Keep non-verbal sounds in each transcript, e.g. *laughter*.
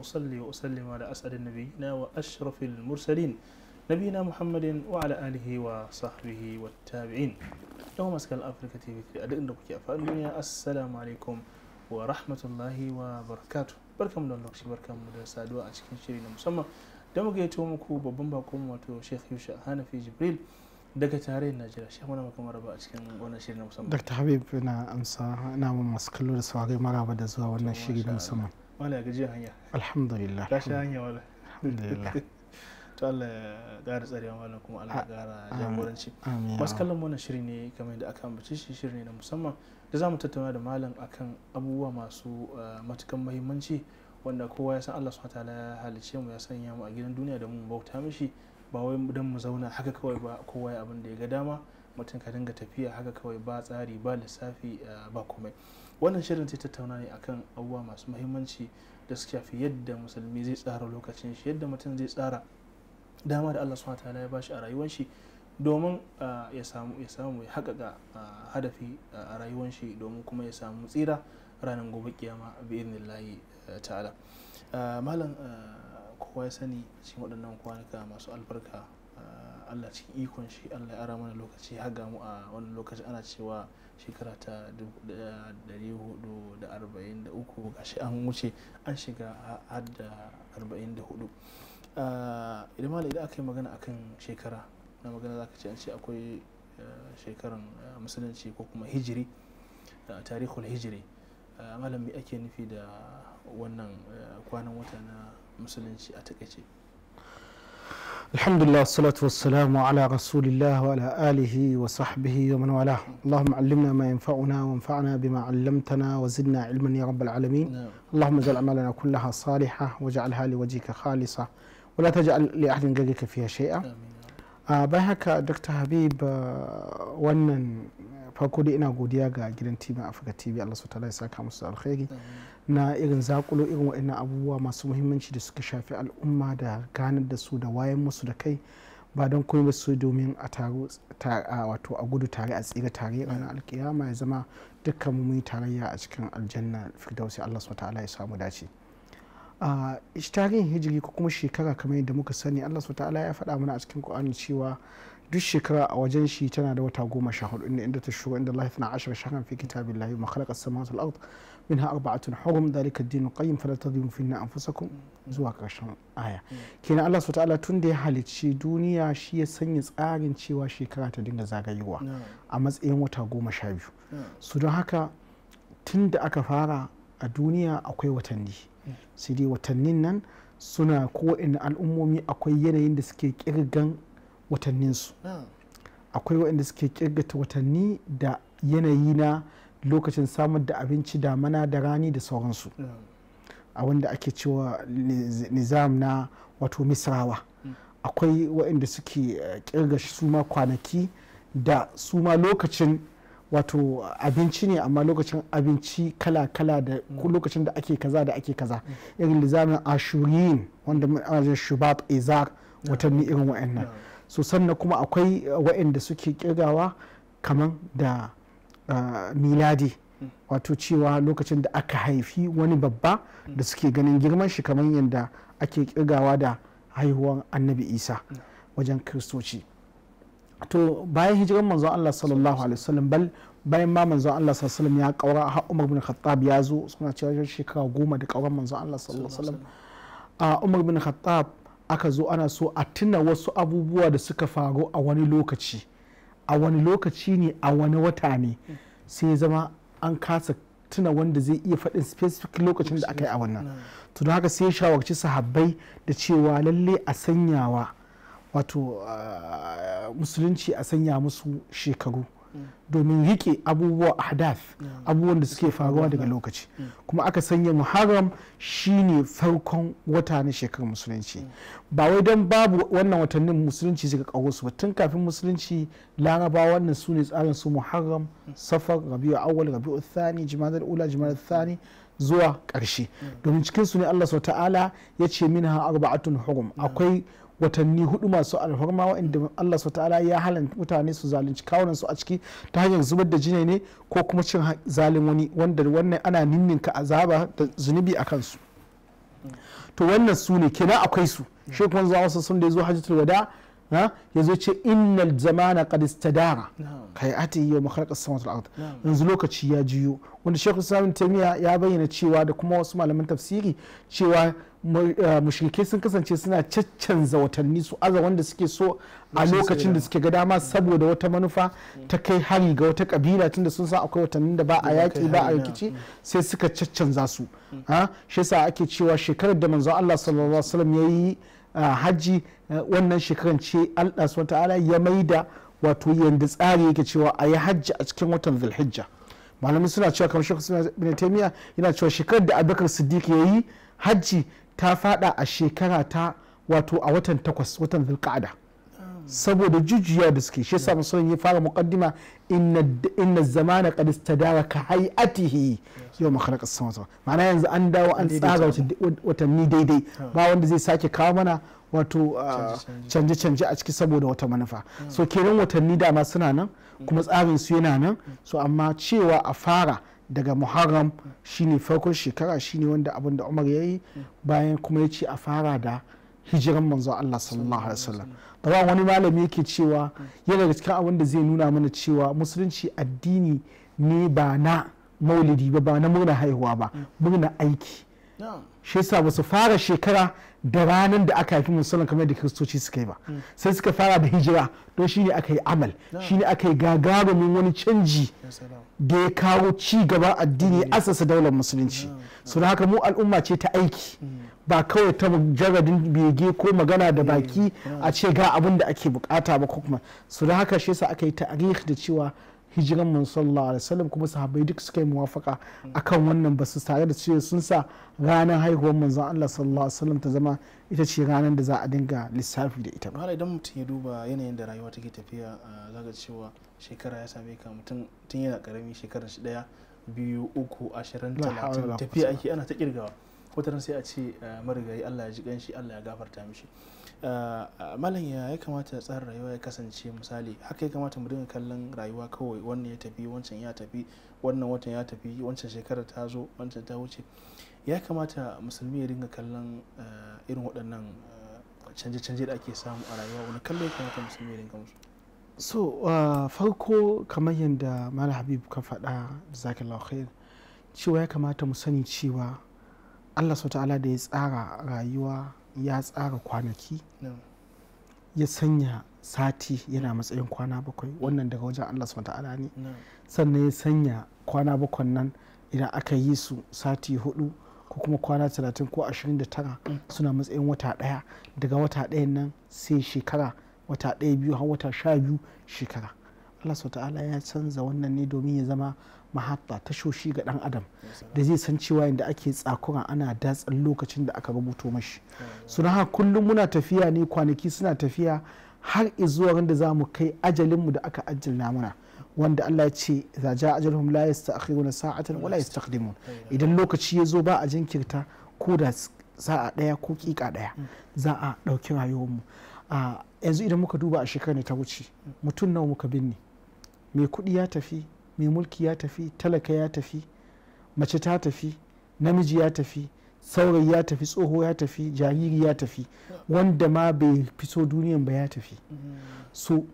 أصلي وأسلم على أسعد النبينا وأشرف المرسلين نبينا محمد وعلى آله وصحبه والتابعين دوما سكال أفريكا تي في أدن ربكي أفعلوني السلام عليكم ورحمة الله وبركاته بركم من الله بركم من الله أشكين شرين مسمى دوما كي يتومكو ببنباكم واتو شيخ يوشا هانا في جبريل دك تاري النجرة شيخ مونا مكمرة بأشكين وانا شرين مسمى دكتا حبيب نا أمسا نا مسكلو رسواغي مرابا دزوا وانا شرين مسمى wala gaji hanya alhamdulillah ta sha hanya wala alhamdulillah *laughs* Allah ya ƙara malam kuma Allah ya ƙara jagoranci masu kallon wannan shiri ne kamar yadda aka ambace shi shiri ne na musamman da za mu tattauna da malam akan abubuwa masu matukan muhimmanci wanda kowa ya san Allah subhanahu wataala ya halice mu ya sanya mu a gidan duniya da mu bauta mishi ba wai dan mu zauna haka kawai ba kowa ya abin da ya ga dama mutum ka dinga tafiya haka kawai ba tsari ba lissafi ba komai wannan shirin ta tattauna ne akan abubuwa masu muhimmanci da su shafi yadda musulmi zai tsara lokacin shi yadda mutum zai tsara dama da Allah subhanahu ta'ala ya bashi a rayuwar shi domin ah, ya samu ya samu ya haƙaƙa ah, hadafi ah, a rayuwar shi domin kuma ya samu tsira ranar gobe kiyama bi idnillahi ta'ala malam kowa ya sani cikin waɗannan kwanaka masu albarka Allah cikin ikon shi Allah ya ara mana lokaci ya haga mu a wannan lokaci ana cewa shekara ta 443 gashi an wuce an shiga har da 44 ah, idan malai idan aka yi magana akan shekara na magana za ka ce an ce akwai eh, shekaran eh, musulunci ko kuma hijiri eh, tarihul hijiri malam me ake nufi da wannan kwanan wata na musulunci a takaice الحمد لله والصلاة والسلام على رسول الله وعلى آله وصحبه ومن والاه اللهم علمنا ما ينفعنا وانفعنا بما علمتنا وزدنا علما يا رب العالمين اللهم اجعل أعمالنا كلها صالحة واجعلها لوجهك خالصة ولا تجعل لأحد قلقك فيها شيئا آمين. آه بهك دكتور حبيب Habib ونن ah, farko dai ina godiya ga gidan tv afirka tv allah ta'ala ya saka musu alkhairi na irin zakulo irin waɗannan abubuwa masu muhimmanci da suka shafi al'umma da ganar da su da wayan musu da kai ba don komai ba su domin a taro wato a gudu tare a tsira tare ranar alkiyama ya zama dukkan mu yi tarayya a cikin aljanna firdausi allah ta'ala ya samu dace a tarihin hijiri ko kuma shekara kamar yadda muka sani allah ta'ala ya faɗa mana a cikin ƙwa'ani cewa duk shekara a wajen shi tana da wata goma sha hudu inda inda ta shugo inda Allah tana ashar shakan fi kitabillahi ma khalaqa as-samawati wal ard minha arba'atun hurum dhalika ad-din qayyim fala tadhimu finna anfusakum zuwa karshen aya kenan Allah subhanahu ta'ala tun da ya halicci duniya shi ya sanya tsarin cewa shekara ta dinga zagayewa a matsayin wata goma sha biyu su don haka tun da aka fara a duniya akwai watanni sai dai watannin nan suna ko in al'ummomi akwai yanayin da suke kirgan watanninsu ah. akwai waɗanda suke kirgata watanni da yanayi na lokacin samar da abinci da mana da rani da sauransu ah. a wanda ake cewa nizam na wato misrawa hmm. akwai waɗanda suke kirga eh, su ma kwanaki da su ma lokacin wato abinci ne amma lokacin abinci kala-kala da hmm. lokacin da ake kaza da ake kaza hmm. irin lizamin ashuriyin wanda ma'ajin shubab ezar ah. watanni irin wa'annan so sannan kuma akwai eh, waɗanda suke kirgawa kamar da eh, miladi hmm. wato cewa lokacin da aka haifi wani babba hmm. da suke ganin girman shi kamar yadda ake kirgawa da haihuwan annabi isa hmm. wajen kristoci to bayan hijiran manzon allah sallallahu alaihi wasallam bal bayan ma manzon Allah sallallahu alaihi wasallam ya kaura har Umar bin Khattab ya zo suna cewa shekara goma da kauran manzon Allah sallallahu alaihi wasallam ah, Umar bin Khattab aka zo ana so a tuna wasu abubuwa da suka faru a wani lokaci a wani lokaci ne a wani wata ne sai zama an kasa tuna wanda zai iya faɗin specific lokacin da aka yi a wannan to don haka sai shawarci sahabbai da cewa lalle a sanyawa wato ah, musulunci a sanya musu shekaru domin rike abubuwa ahdath abubuwan da suke faruwa daga lokaci mm. kuma aka sanya muharram shine farkon wata na shekarar musulunci mm. ba wai don babu wannan watannin musulunci suka kawo su ba tun kafin musulunci laraba wannan su ne tsarin su muharram mm. safar rabi'u awwal rabi'u thani jimadar ula jimadar thani zuwa ƙarshe domin cikinsu ne Allah ta'ala ya ce min minha arba'atun hurum akwai watanni hudu masu alfarma waɗanda Allah su ta'ala ya halin mutane su zalunci kawunan su a ciki ta hanyar zubar da jini ne ko kuma cin zalin wani wanda wannan ana ninninka azaba da zunubi a kansu mm. to wannan su ne kenan akwai su mm. shi kuma zuwa wasu sun da ya zo hajjatul wada ya zo ce innal zamana qad istadara kai ati yau makarƙar samar al'adu yanzu lokaci ya jiyo wanda shekul samun tamiya ya bayyana cewa da kuma wasu malaman tafsiri cewa mushrikai sun kasance suna caccanza watanni su aza wanda suke so a lokacin da suke ga dama saboda wata manufa ta kai hari ga wata kabila tunda sun san akwai watannin da ba a yaƙi ba a rikici sai suka caccanza su shi yasa ake cewa shekarar da manzon Allah sallallahu alaihi wasallam yayi hajji wannan shekaran ce allah ta'ala ya maida wato yadda tsari yake cewa a yi hajji a cikin watan zulhijja malamai suna cewa kamar shekaru bin taimiya yana cewa shekarar da abubakar siddiq ya yi hajji ta fada a shekara ta wato a watan takwas watan zulqa'ada saboda jijiya da suke shi yasa musulun ya fara muqaddima inna zamana qad istadara ka hayatihi yau ma khalaqa samawati ma'ana yanzu an dawo an tsara watanni daidai ba wanda zai sake kawo mana wato ah, canje canje a ciki saboda wata manufa so kenan watanni dama suna nan hmm. kuma tsarin su yana nan hmm. so amma cewa a fara daga muharram hmm. shine farkon shekara shine wanda abin da umar yayi bayan kuma ya ce a fara da hijiran manzo Allah sallallahu alaihi wasallam da wani malami yake cewa yana da cikin abin da zai nuna mana cewa musulunci addini ne ba na maulidi ba ba na murna haihuwa ba murna aiki shi yasa ba su fara shekara da ranar da aka haifi musulun kamar da kiristoci suka yi ba hmm. sai suka fara da hijira don shi ne aka yi amal shi ne aka yi gagarumin wani canji da ya kawo ci gaban addini asasa daular musulunci su haka mu al'umma ce ta aiki hmm. ba kawai ta jaradin bege ko magana da baki a ce ga abin da ake bukata ba kuma su haka shi yasa aka yi tarihi da cewa hijiran mun sallallahu alaihi wasallam kuma sahabbai duk suka yi muwafaka akan wannan ba su tare da cewa sun sa ranar haihuwar manzon Allah sallallahu alaihi wasallam ta zama ita ce ranar da za a dinga lissafi da ita ba idan mutum ya duba yanayin da rayuwa take tafiya zaka cewa shekara ya same ka mutum tun yana karami shekara shi daya biyu uku ashirin talatin tafiya ake ana ta kirgawa wataran sai a ce marigayi Allah ya ji ganshi Allah ya gafarta mishi Eh, malam ya ya kamata tsarin rayuwa ya kasance misali haka ya kamata mu dinga kallon rayuwa kawai wannan ya tafi wancan ya tafi wannan watan ya tafi wancan shekarar ta zo wancan ta wuce ya kamata musulmi ya dinga kallon eh, irin waɗannan eh, canje-canje da ake samu a rayuwa wani kallon ya kamata musulmi ya dinga musu so farko kamar yadda malam habib ka faɗa zakallahu khair cewa ya kamata mu sani cewa allah ta'ala da ya tsara rayuwa ya tsara kwanaki ya sanya sati yana matsayin kwana bakwai wannan daga wajen Allah subhanahu ta'ala ne sannan ya sanya kwana bakwai nan idan aka yi su sati hudu ko kuma kwana talatin ko ashirin da tara mm. suna matsayin wata daya daga wata dayan nan sai shekara wata ɗaya biyu har wata sha biyu shekara Allah ta'ala ya canza wannan ne domin ya zama mahatta shoshi ga dan adam da zai san cewa yanda ake tsakura ana datsan lokacin da aka rubuto mashi suna ha kullum muna tafiya ne kwanaki suna tafiya har izuwa wanda za mu kai ajalinmu da aka ajilna muna wanda Allah ya ce za ja ajalhum la yasta'khiruna sa'atan wala yastaqdimun idan lokaci ya zo ba a jinkirta ko da sa'a daya ko kika daya za a dauki rayuwarmu ah, yanzu idan muka duba a shekarar ta wuce mutum nawa muka binne mai kuɗi ya tafi mai mulki ya tafi talaka ya tafi mace ta tafi namiji ya tafi saurayi ya tafi tsoho ya tafi jariri ya tafi wanda ma bai fito duniyan ba ya tafi so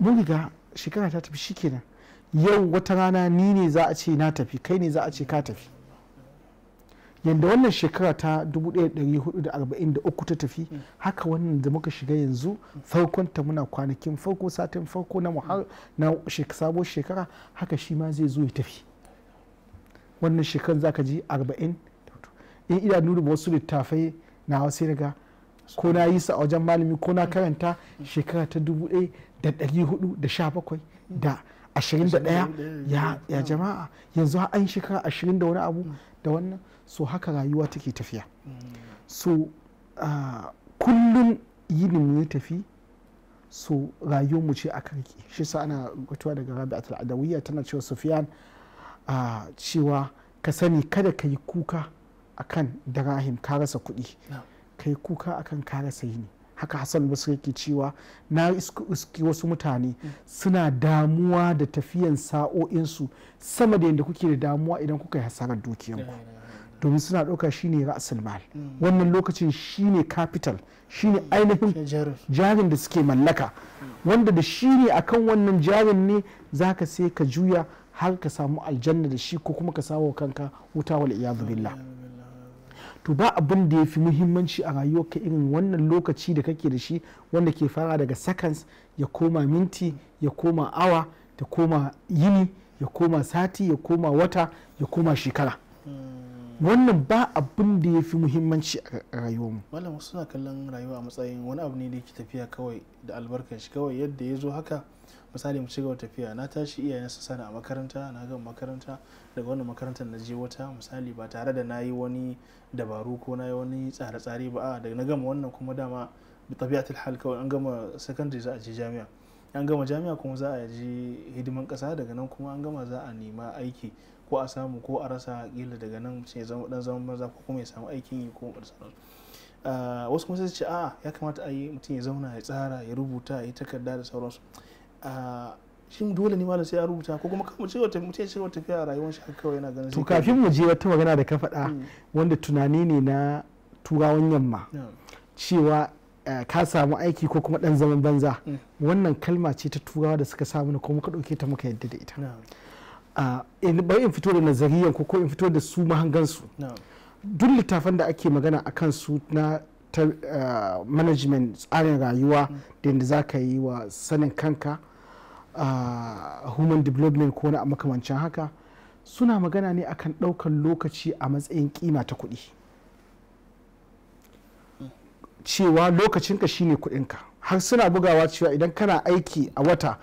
mun riga shekara ta tafi shi shikenan yau wata rana ni ne za a ce na tafi kai ne za a ce ka tafi yadda wannan shekara ta 1443 ta tafi haka wannan da muka shiga yanzu farkon ta muna kwanakin farko satin farko na muhar na shekara haka shi ma zai zo ya tafi wannan shekarar ka ji 40 in idanu nuna wasu littafai na wasu daga ko na yi sa a wajen malami ko na karanta shekara ta 1417 da 21 ya jama'a yanzu an shekara 20 da wani abu da wannan so haka rayuwa take tafiya so ah, kullum yinin ya tafi so rayuwar mu ce kan rike shi sa ana gutuwa daga rabi'atul adawiyya tana cewa sufiyan ah, cewa ka sani kada ka yi kuka akan rahim ka rasa kuɗi ka yi kuka akan ka rasa yini haka hassan basri ke cewa na iski wasu mutane mm. suna damuwa da tafiyan sa'o'insu sama da yadda kuke da damuwa idan kuka yi hasarar dukiyanku domin suna ɗauka shine ra'asul mal mm. wannan lokacin shine capital shine mm. ainihin jarin da suke mallaka mm. wanda da shi ne akan wannan jarin ne zaka sai ka juya har ka samu aljanna da shi ko kuma ka samu kanka wuta wal iyadu billah to ba abin da ya fi muhimmanci a ka irin wannan lokaci da kake da shi wanda ke fara daga seconds ya koma minti ya koma awa ya koma yini ya koma sati ya koma wata ya koma shekara wannan ba abin da ya fi muhimmanci a rayuwarmu wannan wasu suna kallon rayuwa a matsayin wani abu ne da yake tafiya kawai da albarkar shi kawai yadda ya zo haka misali mu ci gaba tafiya na tashi iyayen su sani a makaranta na gama makaranta daga wannan makarantar na je wata misali ba tare da na yi wani dabaru ko na yi wani tsare-tsare ba a daga na gama wannan kuma dama bi tabiatul hal kawai an gama secondary za a je jami'a an gama jami'a kuma za a je hidiman kasa daga nan kuma an gama za a nema aiki ko a samu ko a rasa kila daga nan sai zama dan zama maza ko kuma ya samu aikin yi ko a ah, wasu kuma sai ce a ya kamata a yi mutum ya zauna ya tsara ya rubuta ya yi takarda da sauransu ah, shin dole ne malam sai a rubuta ko kuma kamar cewa mutum ya ce tafiya a rayuwar shi kawai yana ganin to kafin mu je wata magana da ka faɗa mm. wanda tunani ne na turawan yamma cewa eh, ka samu aiki ko kuma dan zaman banza mm. wannan kalma ce ta turawa da suka samu ko muka ɗauke ta muka yadda da ita in in fito da nazariyan ko in fito da su mahangansu duk littafan da ake magana a kan su na ta management tsarin rayuwa mm. da yadda za ka yi wa sanin kanka human development ko na makamancin haka suna magana ne akan ɗaukar lokaci a matsayin kima ta kuɗi cewa lokacinka shine kuɗinka har suna bugawa cewa idan kana aiki a wata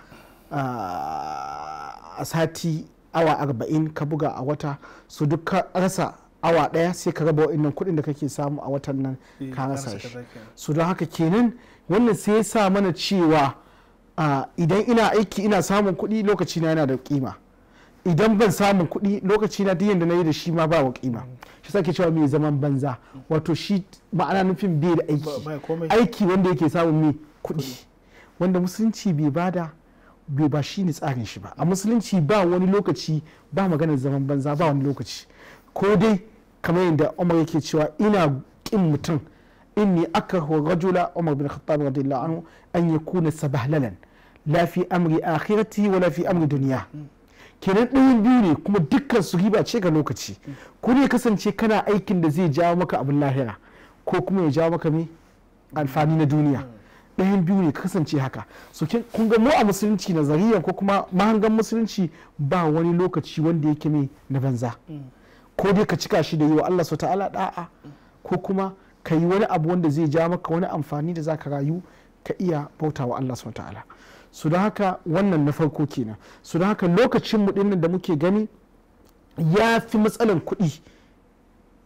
a sati awa arba'in ka buga a wata su duk ka rasa awa daya sai ka raba wa'in kuɗin da kake samu a watan nan eh, ka rasa shi su don haka kenan wannan sai ya sa mana cewa idan ina aiki ina samun kuɗi lokaci na yana da kima idan ban samun kuɗi lokaci na diyan da na yi da shi ma ba wa kima shi sake cewa mai zaman banza wato shi ma'ana nufin bai da aiki aiki wanda yake samun mai kuɗi wanda musulunci bai bada bai ba shi ne tsarin shi ba a musulunci ba wani lokaci ba maganar zaman banza ba wani lokaci ko dai kamar yadda umar yake cewa ina kin mutum in aka aka rajula umar bin khattab radiyallahu anhu an kuna sabahlalan la fi amri akhirati wa la amri duniya kenan ɗayan biyu ne kuma dukkan su riba ce ga lokaci ko ne kasance kana aikin da zai jawo maka abin lahira ko kuma ya jawo maka mai amfani na duniya ɗayan biyu ne kasance haka so kun ga mu a musulunci nazariya ko kuma mahangan musulunci ba wani lokaci wanda yake mai na banza ko dai ka cika shi da yi wa Allah su ta'ala da'a ko kuma ka yi wani abu wanda zai ja maka wani amfani da za ka rayu ka iya bauta wa Allah su ta'ala su da haka wannan na farko kenan su da haka lokacin mu dinnan da muke gani ya fi matsalan kuɗi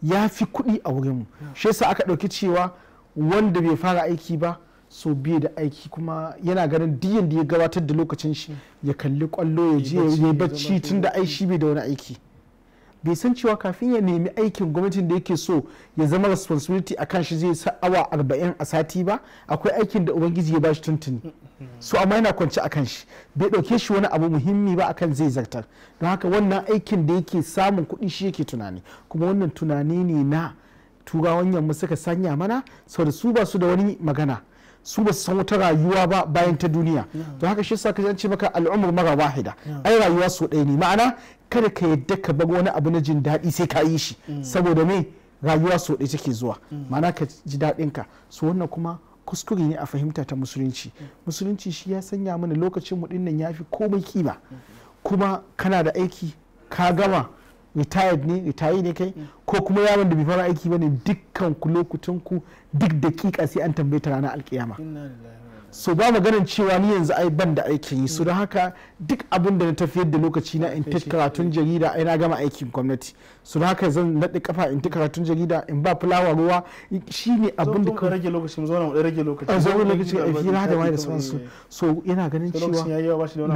ya fi kuɗi a wurinmu shi yasa aka ɗauki cewa wanda bai fara aiki ba so biyu da aiki kuma yana ganin diyan da ya gabatar da lokacin shi ya kalli kwallo ya je ya bacci tun da ai bai da wani aiki bai san cewa kafin ya nemi aikin gwamnatin da yake so ya zama responsibility a kan shi zai sa awa arba'in a sati ba akwai aikin da ubangiji ya bashi tuntuni so amma yana kwance a kan shi bai dauke shi wani abu muhimmi ba akan zai zartar don haka wannan aikin da yake samun kuɗi shi yake tunani kuma wannan tunani ne na turawan yamma suka sanya mana saboda su ba su da wani magana su ba su san wata rayuwa ba bayan ta duniya to haka shi yasa ka ce maka al'umar mara wahida ai rayuwa so ɗaya ne ma'ana kada ka yadda ka bar wani abu na jin daɗi sai ka yi shi mm. saboda me rayuwa so ɗaya take zuwa mm. ma'ana ka ji daɗin ka so wannan kuma kuskure ne a fahimta ta musulunci mm. musulunci shi ya sanya mana lokacin mu ya fi komai kima kuma kana da aiki ka gama retired ne retired ne kai ko kuma yaron da bai fara aiki bane dukkan ku lokutan ku duk dakika sai an tambaye ta ranar alkiyama so ba maganin cewa ni yanzu ai ban da aikin yi so mm. don haka duk abin da na tafiyar da lokaci na in tafi karatun jarida ai na gama aikin gwamnati so don haka zan naɗi kafa in tafi karatun jarida in ba fulawa ruwa ne abin da ka rage lokaci mu zauna mu rage lokaci a zauna lokaci a fira eh, da wani da sauransu eh. so yana ganin cewa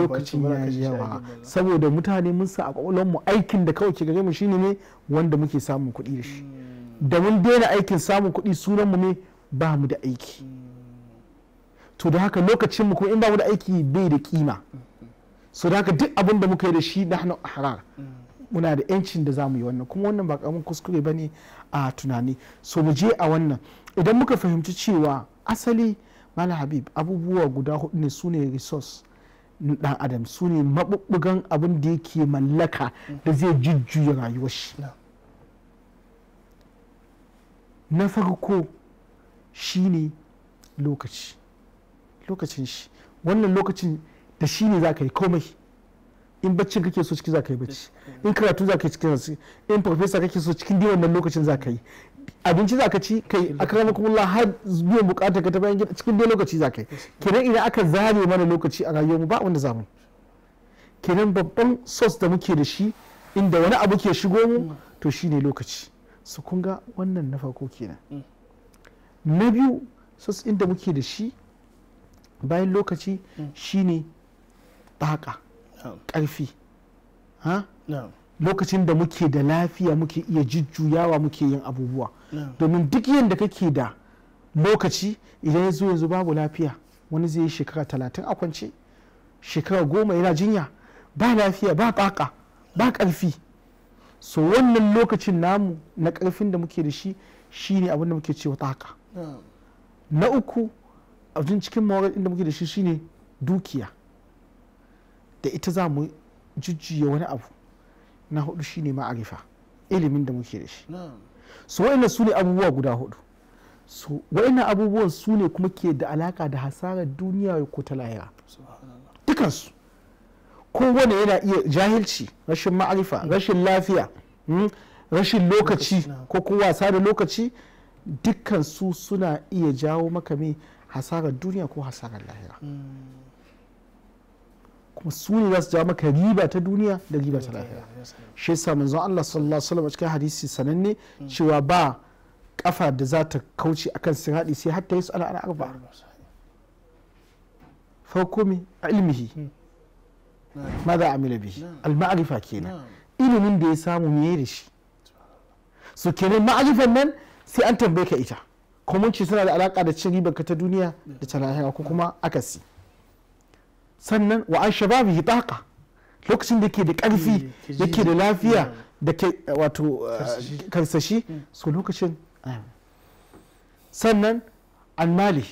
lokacin ya yi yawa saboda mutane mun sa a kwakwalwar mu aikin da kawai ke gare mu shine ne wanda muke samun kuɗi da shi mm. da mun daina aikin samun kuɗi sunan mu ne ba mu da aiki mm. to da haka lokacin mu kuma in ba mu da aiki bai da kima so da haka duk abin da muka yi da shi nahnu harar muna da yancin da zamu yi wannan kuma wannan ba karamin kuskure bane a tunani so mu je a wannan idan muka fahimci cewa asali mala habib abubuwa guda hudu ne sune ne resource dan adam su ne mabubbugan abin da yake mallaka da zai jujjuya rayuwar shi na farko shine lokaci lokacin shi wannan lokacin da shi ne za ka yi komai in baccin kake so ciki za ka yi bacci in karatu za ka yi cikin zasu in farfesa kake so cikin dai wannan lokacin za ka yi abinci za ka ci kai akramakumullah har biyan bukatar ka ta bayan gida cikin dai lokaci za ka yi kenan idan aka zare mana lokaci a rayuwar mu ba wanda zamu kenan babban sos da muke da shi inda wani abu ke shigo mu to shine lokaci su kun ga wannan na farko kenan mm. na biyu sos inda muke da shi bayan lokaci hmm. shine taka karfi lokacin da muke da lafiya muke iya jujjuyawa muke yin abubuwa domin duk yadda kake da lokaci idan ya zo yanzu babu lafiya wani zai yi shekara talatin a kwance shekara goma yana jinya ba lafiya ba baka ba karfi so wannan lokacin namu na karfin da muke da shi shine abin da muke cewa taka na uku abin cikin mawar inda muke da shi shine dukiya da ita za mu jujjuya wani abu na hudu shine ma'arifa ilimin da muke da shi so wa'annan su ne abubuwa guda hudu so wa'annan abubuwan su ne kuma ke da alaka da hasarar duniya ko ta lahira dukansu kowane yana iya jahilci rashin ma'arifa mm. rashin lafiya hmm, rashin lokaci ko kuma wasa da lokaci dukansu suna iya jawo maka mai hasarar duniya ko hasarar lahira hmm. kuma su ne za su ja maka riba ta duniya da riba ta hmm. lahira shi yasa manzon Allah sallallahu alaihi wasallam cikin hadisi sananne hmm. cewa ba kafa da za ta kauce akan siradi sai hatta yasu ala ala arba farko mi ilmihi maza mila bihi al-ma'rifa kenan ilimin da ya samu me da shi so kenan ma'rifan nan sai an tambaye ka ita komunci suna da alaka da cin ribar ta duniya da ta lahira ko kuma akasi sannan wa an shababi hitaqa lokacin da ke da karfi eh, ke da lafiya eh. da ke eh, wato karsashi hmm. so lokacin sannan an mali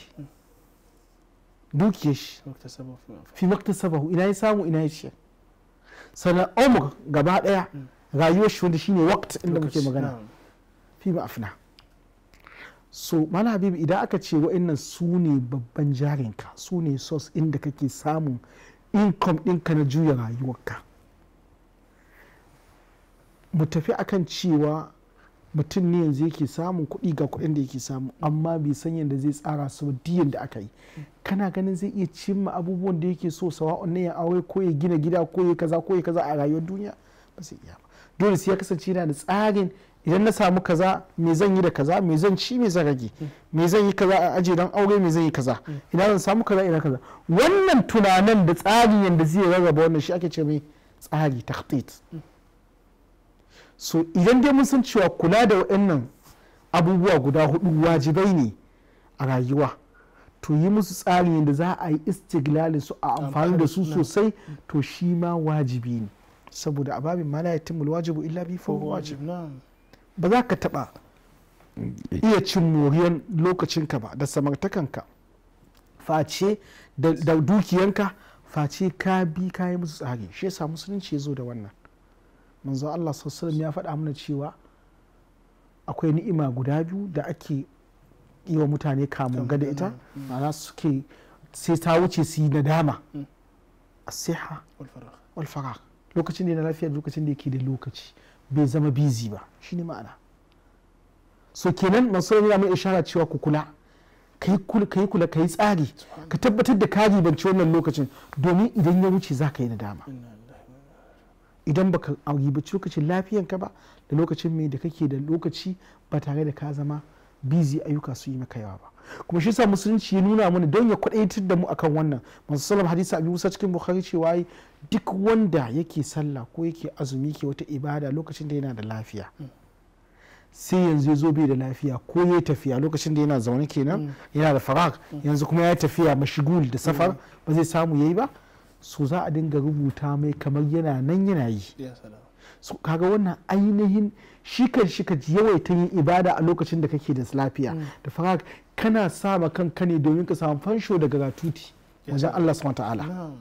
dukiya shi fi sabahu ina ya samu ina ya ciyar sannan umar gaba daya hmm. rayuwar shi wanda shine wakta inda muke magana fi ma'afina. so mana habibu idan aka ce wa'annan su ne babban jarinka su ne sos inda kake samun income ɗinka na juya rayuwarka mu tafi akan cewa mutum ne yanzu yake samun kuɗi ga kuɗin da yake samu amma bai san yadda zai tsara su diyan da aka yi kana ganin zai iya cimma abubuwan da yake so sawa'un ne ya aure ko ya gina gida ko ya kaza ko ya kaza a rayuwar duniya ba zai iya ba dole sai ya kasance yana da tsarin idan na samu kaza me zan yi da kaza me zan ci me zan rage me zan yi kaza a aje don aure me zan yi kaza ina zan samu kaza idan kaza wannan tunanin da tsarin yadda zai rarraba wannan shi ake ce mai tsari takhtit so idan dai mun san cewa kula da waɗannan abubuwa guda hudu wajibai ne a rayuwa to yi musu tsari yadda za a yi istiglalin su a amfani da su sosai to shi ma wajibi ne saboda ababin ma la yatimul wajibu illa bi fa wajib ba za ka taɓa iya cin moriyar lokacinka ba da samartakanka face da dukiyanka face ka bi ka yi musu tsari shi yasa musulunci ya zo da wannan manzo Allah sallallahu ya faɗa mana cewa akwai ni'ima guda biyu da ake yi wa mutane kamun gada ita ma'ana suke sai ta wuce su yi nadama mm. a siha lokacin da yana lafiya lokacin da yake da lokaci bai zama busy ba shi ne ma'ana so kenan masu ya mai ishara cewa ku kula ka yi kula ka yi tsari ka tabbatar da ka ribanci wannan lokacin domin idan ya wuce za ka yi nadama idan baka ribanci lokacin lafiyanka ba da lokacin mai da kake da lokaci ba tare da ka zama bizi ayyuka su yi maka yawa ba kuma shi sa musulunci ya nuna mana don ya kwadaitar da mu akan wannan masu salam hadisi abu musa cikin bukhari cewa duk wanda yake sallah ko yake azumi ke wata ibada lokacin da yana da lafiya hmm. sai yanzu ya zo bai da lafiya ko ya tafiya lokacin da yana zaune kenan hmm. yana da farak hmm. yanzu kuma ya tafiya mashigul da safar ba zai samu yayi ba so za a dinga rubuta mai kamar yana nan yana yi kaga wannan ainihin shi kan shi ka yawaita yin ibada a lokacin da kake da lafiya mm. da fara kana sa ma kanka ne domin ka samu fansho daga gatuti wajen Allah subhanahu ta'ala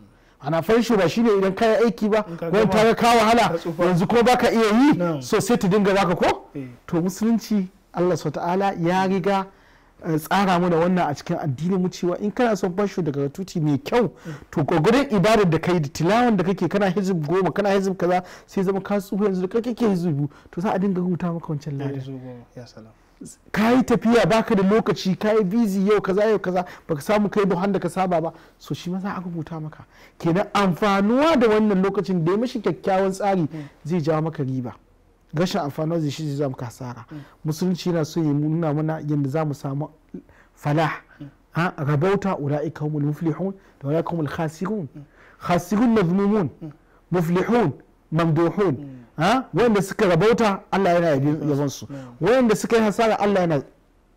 ana fansho ba shine idan kayan aiki ba wani ta ka wahala yanzu ko baka iya yi so sai ta dinga baka ko eh. to musulunci Allah subhanahu ta'ala ya riga tsara mu da wannan a cikin addinin mu cewa in kana son fasho daga tuti mai kyau to gwagwarin ibadar da kai da tilawan da kake kana hizib goma kana hizib kaza sai zama ka tsufa yanzu da kake hizib to za a dinga rubuta maka wancan ladan ka yi tafiya baka da lokaci ka yi bizi yau kaza yau kaza baka samu kai duhan da ka saba ba so shi ma za a rubuta maka kenan amfanuwa da wannan lokacin da ya mashi kyakkyawan tsari hmm. zai jawo maka riba rashin amfanin da shi zai zama kasara musulunci yana so ya nuna mana yadda za mu samu falah rabauta ula'ika humul muflihun da ula'ika humul khasirun khasirun mazmumun muflihun mamduhun wanda suka rabauta Allah yana yabon su wanda suka yi hasara Allah yana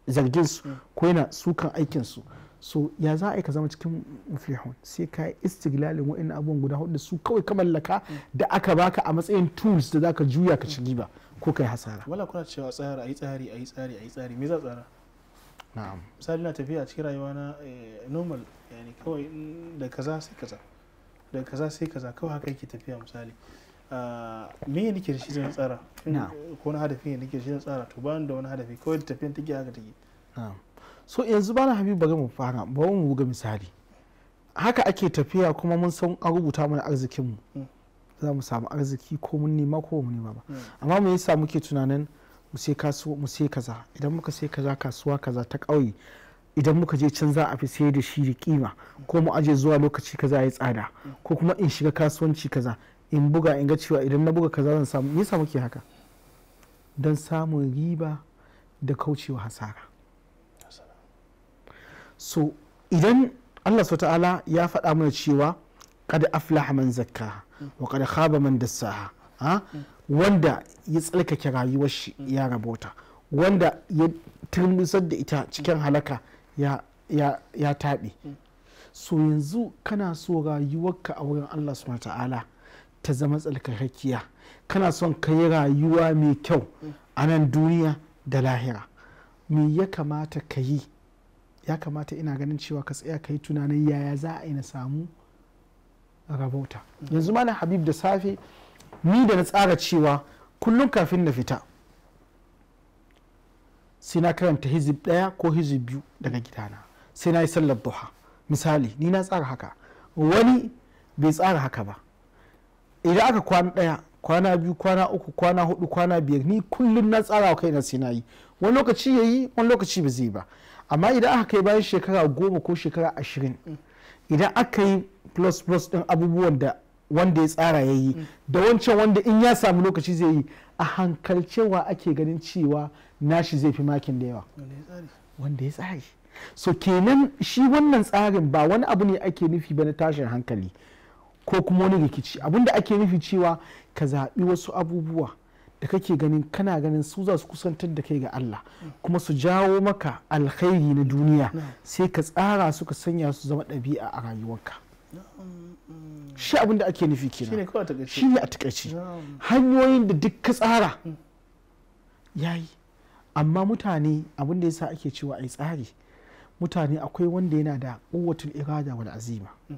zargin su ko yana sukan aikin su so ya za a yi ka zama cikin muflihun sai ka yi istiglalin wa'in abubuwan guda hudu su kawai ka mallaka da aka baka a matsayin tools da za ka juya ka ci riba ko ka yi hasara wala kuna cewa tsara ayi tsari ayi tsari ayi tsari me za tsara na'am misali na tafiya cikin rayuwa na eh, normal yani kawai da kaza sai kaza da kaza sai kaza kawai haka yake tafiya misali ah, me ne nake da shi zan tsara ko na hadafi ne nake shi zan tsara to ban da wani hadafi kawai tafiyan take haka take na'am so yanzu bana habibu bari mu fara bari mu buga misali haka ake tafiya kuma mun san an rubuta mana arzikinmu mm. za mu samu arziki ko mun nema ko mun nema ba mm. amma me yasa muke tunanin mu sai kasuwa mu sai kaza idan muka sai kaza kasuwa kaza ta kauye idan muka je can za a fi sai da shi da kima ko mu aje zuwa lokaci kaza ya tsada mm. ko kuma in shiga kasuwanci kaza in buga in ga cewa idan na buga kaza zan samu me yasa muke haka don samun riba da kaucewa hasara so idan allah ta'ala ya faɗa mana cewa kada aflaha man zakka wa kada khaba man dassaha wanda ya tsarkake rayuwar shi ya rabota wanda ya turmusar da ita cikin halaka ya taɓe so yanzu kana so rayuwarka a wurin allah subhanahu ta'ala ta zama tsarkakakkiya kana son ka yi rayuwa mai kyau a nan duniya da lahira me ya kamata ka yi ya kamata ina ganin cewa ka tsaya ka yi tunanin yaya za a yi na samu rabauta mm. yanzu mana habib da safe ni da na tsara cewa kullum kafin na fita sai na karanta hizib ɗaya ko hizib biyu daga gidana sai na yi sallar duha misali ni na tsara haka wani bai tsara haka ba idan aka kwana ɗaya kwana biyu kwana uku kwana hudu kwana biyar ni kullum na tsara kai na sai na yi wani lokaci ya yi wani lokaci ba zai ba amma idan aka kai bayan shekara goma ko shekara ashirin idan aka yi plus plus din abubuwan da wanda ya tsara ya yi da wancan wanda in ya samu lokaci zai yi a hankalcewa ake ganin cewa nashi zai fi makin da yawa wanda ya tsari so kenan shi wannan tsarin ba wani abu ne ake nufi ba na tashin hankali ko kuma wani rikici abinda ake nufi cewa ka zaɓi wasu abubuwa da kake ganin kana ganin su za su kusantar da kai ga Allah kuma su jawo maka alkhairi na duniya sai ka tsara su ka sanya su zama ɗabi'a a rayuwarka shi abin da ake nufi kenan shi ne a takaici hanyoyin da duk ka tsara mm. yayi amma mutane abin da yasa ake cewa ai tsari mutane akwai wanda yana da kowatul irada wal azima mm.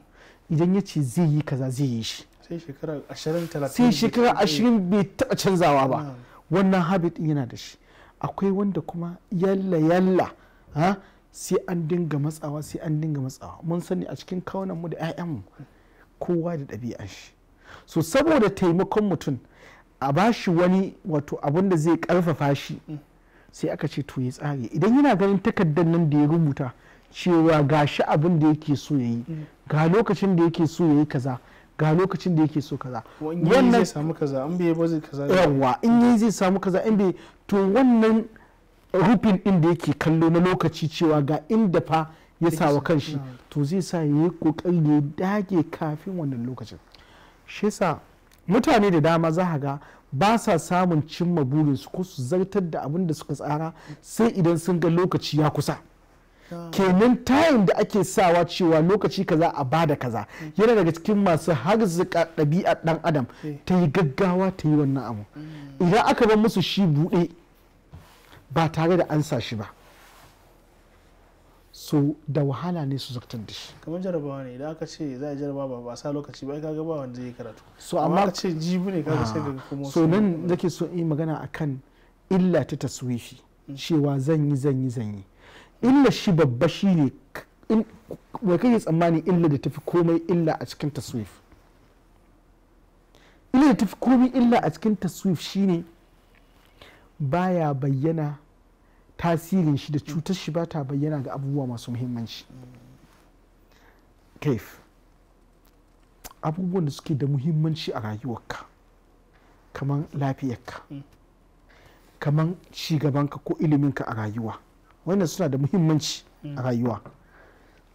idan ya ce zai yi kaza zai yi shi sai shekara 20 bai taɓa canzawa ba wannan habit din yana da shi akwai wanda kuma yalla yalla sai an dinga matsawa sai an dinga matsawa mun sani a cikin mu da 'ya'yanmu kowa da ɗabi'a shi so saboda taimakon mutum a ba shi wani wato abun da zai karfafa shi sai aka ce to ya tsari idan yana ganin takardar nan da ya rubuta cewa gashi abin da yake so ya yi mm. ga lokacin da yake so ya yi kaza ga lokacin da yake so kaza wannan zai samu kaza an biye ba zai kaza yawa in yi zai samu kaza in bai to wannan rufin din da yake kallo na lokaci cewa ga inda fa ya sa wa kanshi to zai sa ya yi kokari ya dage kafin wannan lokacin shi yasa mutane da dama za a ga ba sa samun cimma burinsu ko su zartar da abin da suka tsara sai idan sun ga lokaci ya kusa kenan tayin da ake sawa cewa lokaci kaza a bada kaza yana daga cikin masu harzika ɗabi'a ɗan adam eh. ta yi gaggawa ta yi wannan abu idan aka bar musu shi buɗe ba tare da an shi ba so da wahala ne su zartar da shi kamar jarabawa ne idan aka ce za a jaraba ba ba sa lokaci ba kaga ba wanda zai karatu so amma ka ce jibi ne kaga sai daga kuma so nan nake so in magana akan illa ta taswifi mm. cewa zan yi zan yi zan yi illa shi babba shine wai kake tsammani illa da tafi komai illa a cikin taswif illa da tafi komai illa a cikin taswif shine baya bayyana tasirin shi da cutar shi ba ta bayyana ga abubuwa masu muhimmanci kaif abubuwan da suke da muhimmanci a rayuwarka kamar lafiyarka mm. kamar cigabanka ko iliminka a rayuwa wanda suna da muhimmanci mm. a rayuwa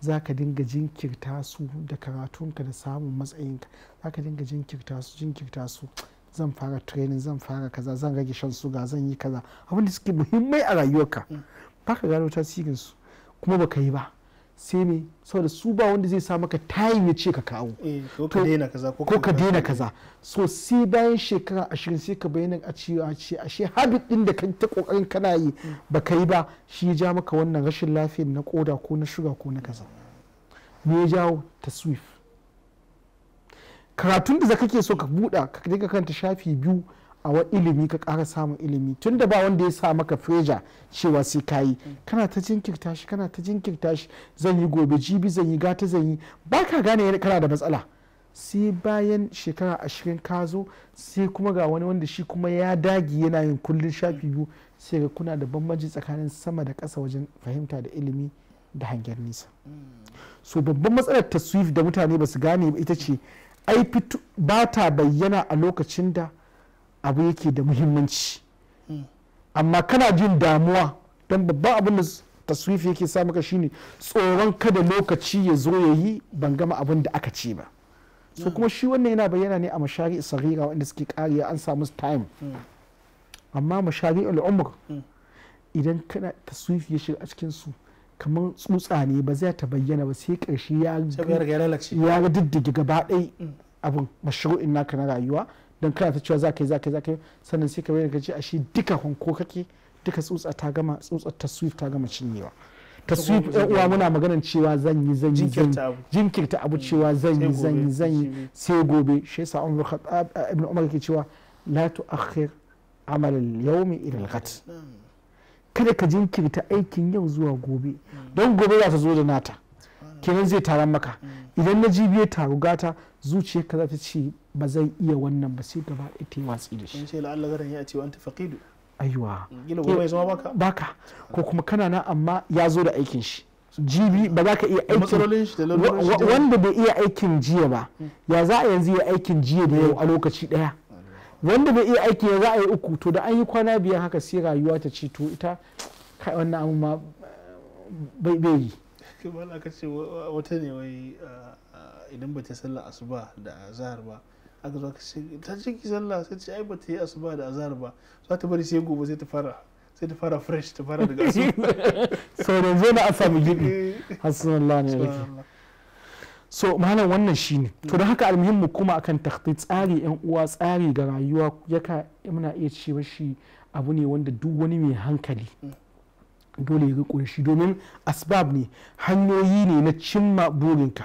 za ka dinga jinkirta su da karatunka da samun matsayinka za ka dinga jinkirta su jinkirta su zan fara training zan fara kaza zan rage shan suga zan yi kaza abinda suke muhimmai a rayuwarka mm. ba ka gano tasirinsu kuma ba ka yi ba sai me saboda su ba wanda zai sa maka time ya ce ka kawo eh, ko ka daina kaza sosai so sai bayan shekara ashirin sai ka bayyana a cewa ce ashe habit din da ka ta kokarin kana yi ba ka yi ba shi ya ja maka wannan rashin lafiyar na koda ko na shuga ko na kaza me ya jawo ta swift karatun da za kake so ka buɗa ka dinga kanta shafi biyu a wa ilimi ka kara samun ilimi tun da ba wanda ya sa maka freja cewa sai ka yi kana ta jinkirta shi kana ta jinkirta shi zan yi gobe jibi zan yi gata zan yi ba ka gane kana da matsala sai bayan shekara ashirin ka zo sai kuma ga wani wanda shi kuma ya dagi yana yin kullun shafi biyu sai ga kuna da bambanci tsakanin sama da ƙasa wajen fahimta da ilimi da hangen nisa so babban matsalar taswif da mutane ba su gane ba ita ce ai ba ta bayyana a lokacin da abu yake da muhimmanci hmm. amma kana jin damuwa don babban abin da taswifi yake sa maka shine tsoron kada lokaci ya zo ya yi ban gama abin da aka ce ba so hmm. kuma shi wannan yana bayyana ne a mashari sarira wanda suke kariya an samu time hmm. amma mashari al'umur idan kana taswifi ya shiga a cikin su kamar tsutsa ne ba zai ta bayyana ba sai karshe ya ga diddige gaba ɗaya abin mashru'in naka na rayuwa don kana ta cewa za ka yi za ka yi za ka yi sannan sai ka bai daga a shi duka hanko kake duka tsutsa ta gama tsutsa ta swift ta gama cinyewa ta swift ɗan uwa muna maganar cewa zan yi zan yi jinkirta abu cewa zan yi zan yi zan yi sai gobe shi yasa Umar Khattab eh, Ibn Umar yake cewa la tu'akhir amal al-yawm ila al-ghad mm. kada ka jinkirta aikin yau zuwa gobe mm. don gobe za ta zo da nata kenan zai taron maka idan na jibi ya taru zuciya zuciyarka za ta ce ba zai iya wannan ba sai gaba ita ta yi watsi da shi in sai la'alla zaran ya ce wanta faqidu aiwa gina gobe ya zama baka baka ko kuma kana na amma ya zo da aikin shi jibi ba za ka iya aikin wanda bai iya aikin jiya ba hmm. ya za a yanzu ya aikin jiya da yau a lokaci daya wanda bai iya aiki ya za a yi uku to da an yi kwana biyar haka sai rayuwa ta ce to ita kai wannan amma eh, bai yi gaske ba aka ce wata ne wai idan ba ta sallah asuba da azhar ba aka zo aka ce ta ce ki sallah sai ce ai ba ta yi asuba da azhar ba za ta bari sai gobe sai ta fara sai ta fara fresh ta fara daga asuba sai *laughs* da zo na asa mu gidi hassanallah ne rake so malam wannan shine to don haka mu kuma akan takhti tsari yan uwa tsari ga rayuwa yaka muna iya cewa shi abu ne wanda duk wani mai hankali mm. dole ya kunshi domin asbab ne hanyoyi ne na cimma burinka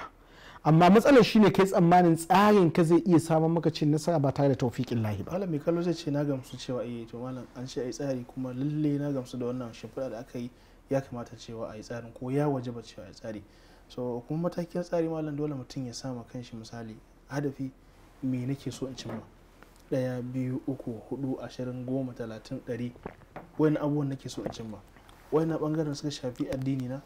amma matsalar shi ne kai tsammanin tsarin ka zai iya samun maka cin nasara ba tare da taufiƙin lahi ba. Malam kallo zai ce na gamsu cewa eh to malam an ce ai tsari kuma lalle na gamsu da wannan shimfiɗa da aka yi ya kamata cewa ai tsarin ko ya waje ba cewa ai tsari. So kuma matakin tsari malam dole mutum ya sama kanshi misali hadafi me nake so in cimma. Ɗaya biyu uku hudu ashirin goma talatin ɗari wani abubuwan nake so in cimma. wani bangaren suka shafi addini na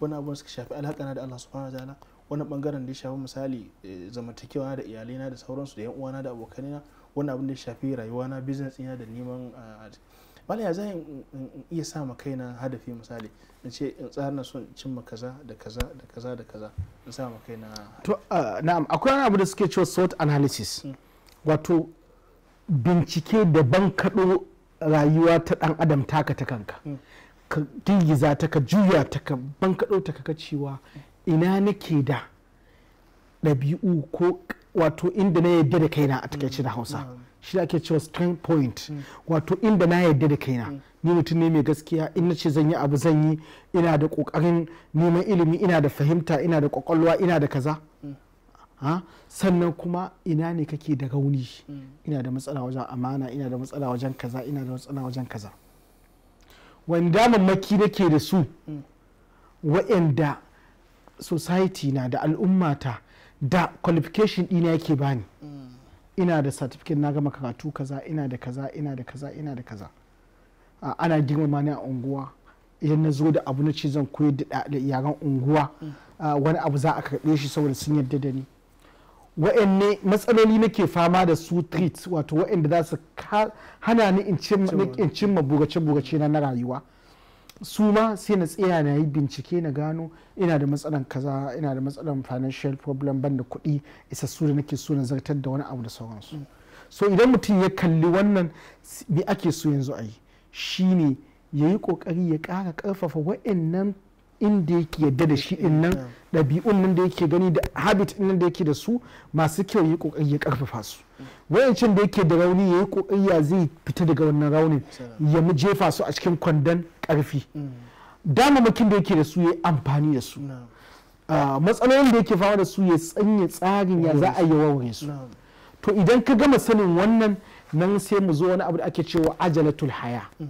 wani abun suka shafi alaƙa da Allah subhanahu wa ta'ala wani bangaren da ya shafi misali eh, zamantakewa da iyalai na da sauransu da yan uwana da abokanina wani abun da ya shafi rayuwa na business ina da neman bala ah, ya zai iya sa ma kaina hadafi misali in ce in tsara na son cimma kaza da kaza da kaza da kaza in sa ma kaina to ah, na'am akwai wani abu da suke cewa SWOT analysis hmm. wato bincike daban kaɗo rayuwa ta dan adam taka ta kanka hmm. ka dingiza ta ka juya ta ka bankaɗo ta ka cewa ina nake da ɗabi'u ko wato inda na yadda da kaina a takaice da hausa mm. shi ake cewa strength point mm. wato inda na yadda da kaina mm. ni mutum ne mai gaskiya in na ce zan yi abu zan yi ina da kokarin neman ilimi ina da fahimta ina da kwakwalwa ina da kaza ah, sannan kuma ina ne kake da rauni ina da matsala wajen amana ina da matsala wajen kaza ina da matsala wajen kaza wani damammaki nake da su wa'anda society na da al'ummata da qualification ɗina yake bani ina da certificate na gama karatu kaza ina da kaza ina da kaza ina da kaza ana girmama ni a unguwa idan na zo da abu na ce zan koyar da yaran unguwa wani abu za a karɓe shi saboda sun yarda da ni wa'anne matsaloli nake fama da su treat wato wa'anda za su hana ni in cimma burace-burace na rayuwa su ma sai na tsaya na yi bincike na gano ina da matsalan kaza ina da matsalan financial problem ban da kuɗi isa su da nake so na zartar da wani abu da sauransu so idan mutum ya kalli wannan me ake so yanzu a yi shine ya yi ƙoƙari ya ƙara ƙarfafa wa'annan inda yake yadda da shi in nan ɗabi'un nan da yake gani da habit nan da yake da su masu kyau ya kokari ya karfafa su wayancin da yake da rauni ya yi kokari ya zai fita daga wannan raunin ya mu jefa su a cikin kwandon karfi mm. damamakin da yake da su ya amfani da su ah, matsalolin da yake fama da su ya tsanya tsarin ya za a yi waure su to idan ka gama sanin wannan nan sai mu zo wani abu da ake cewa ajalatul haya mm.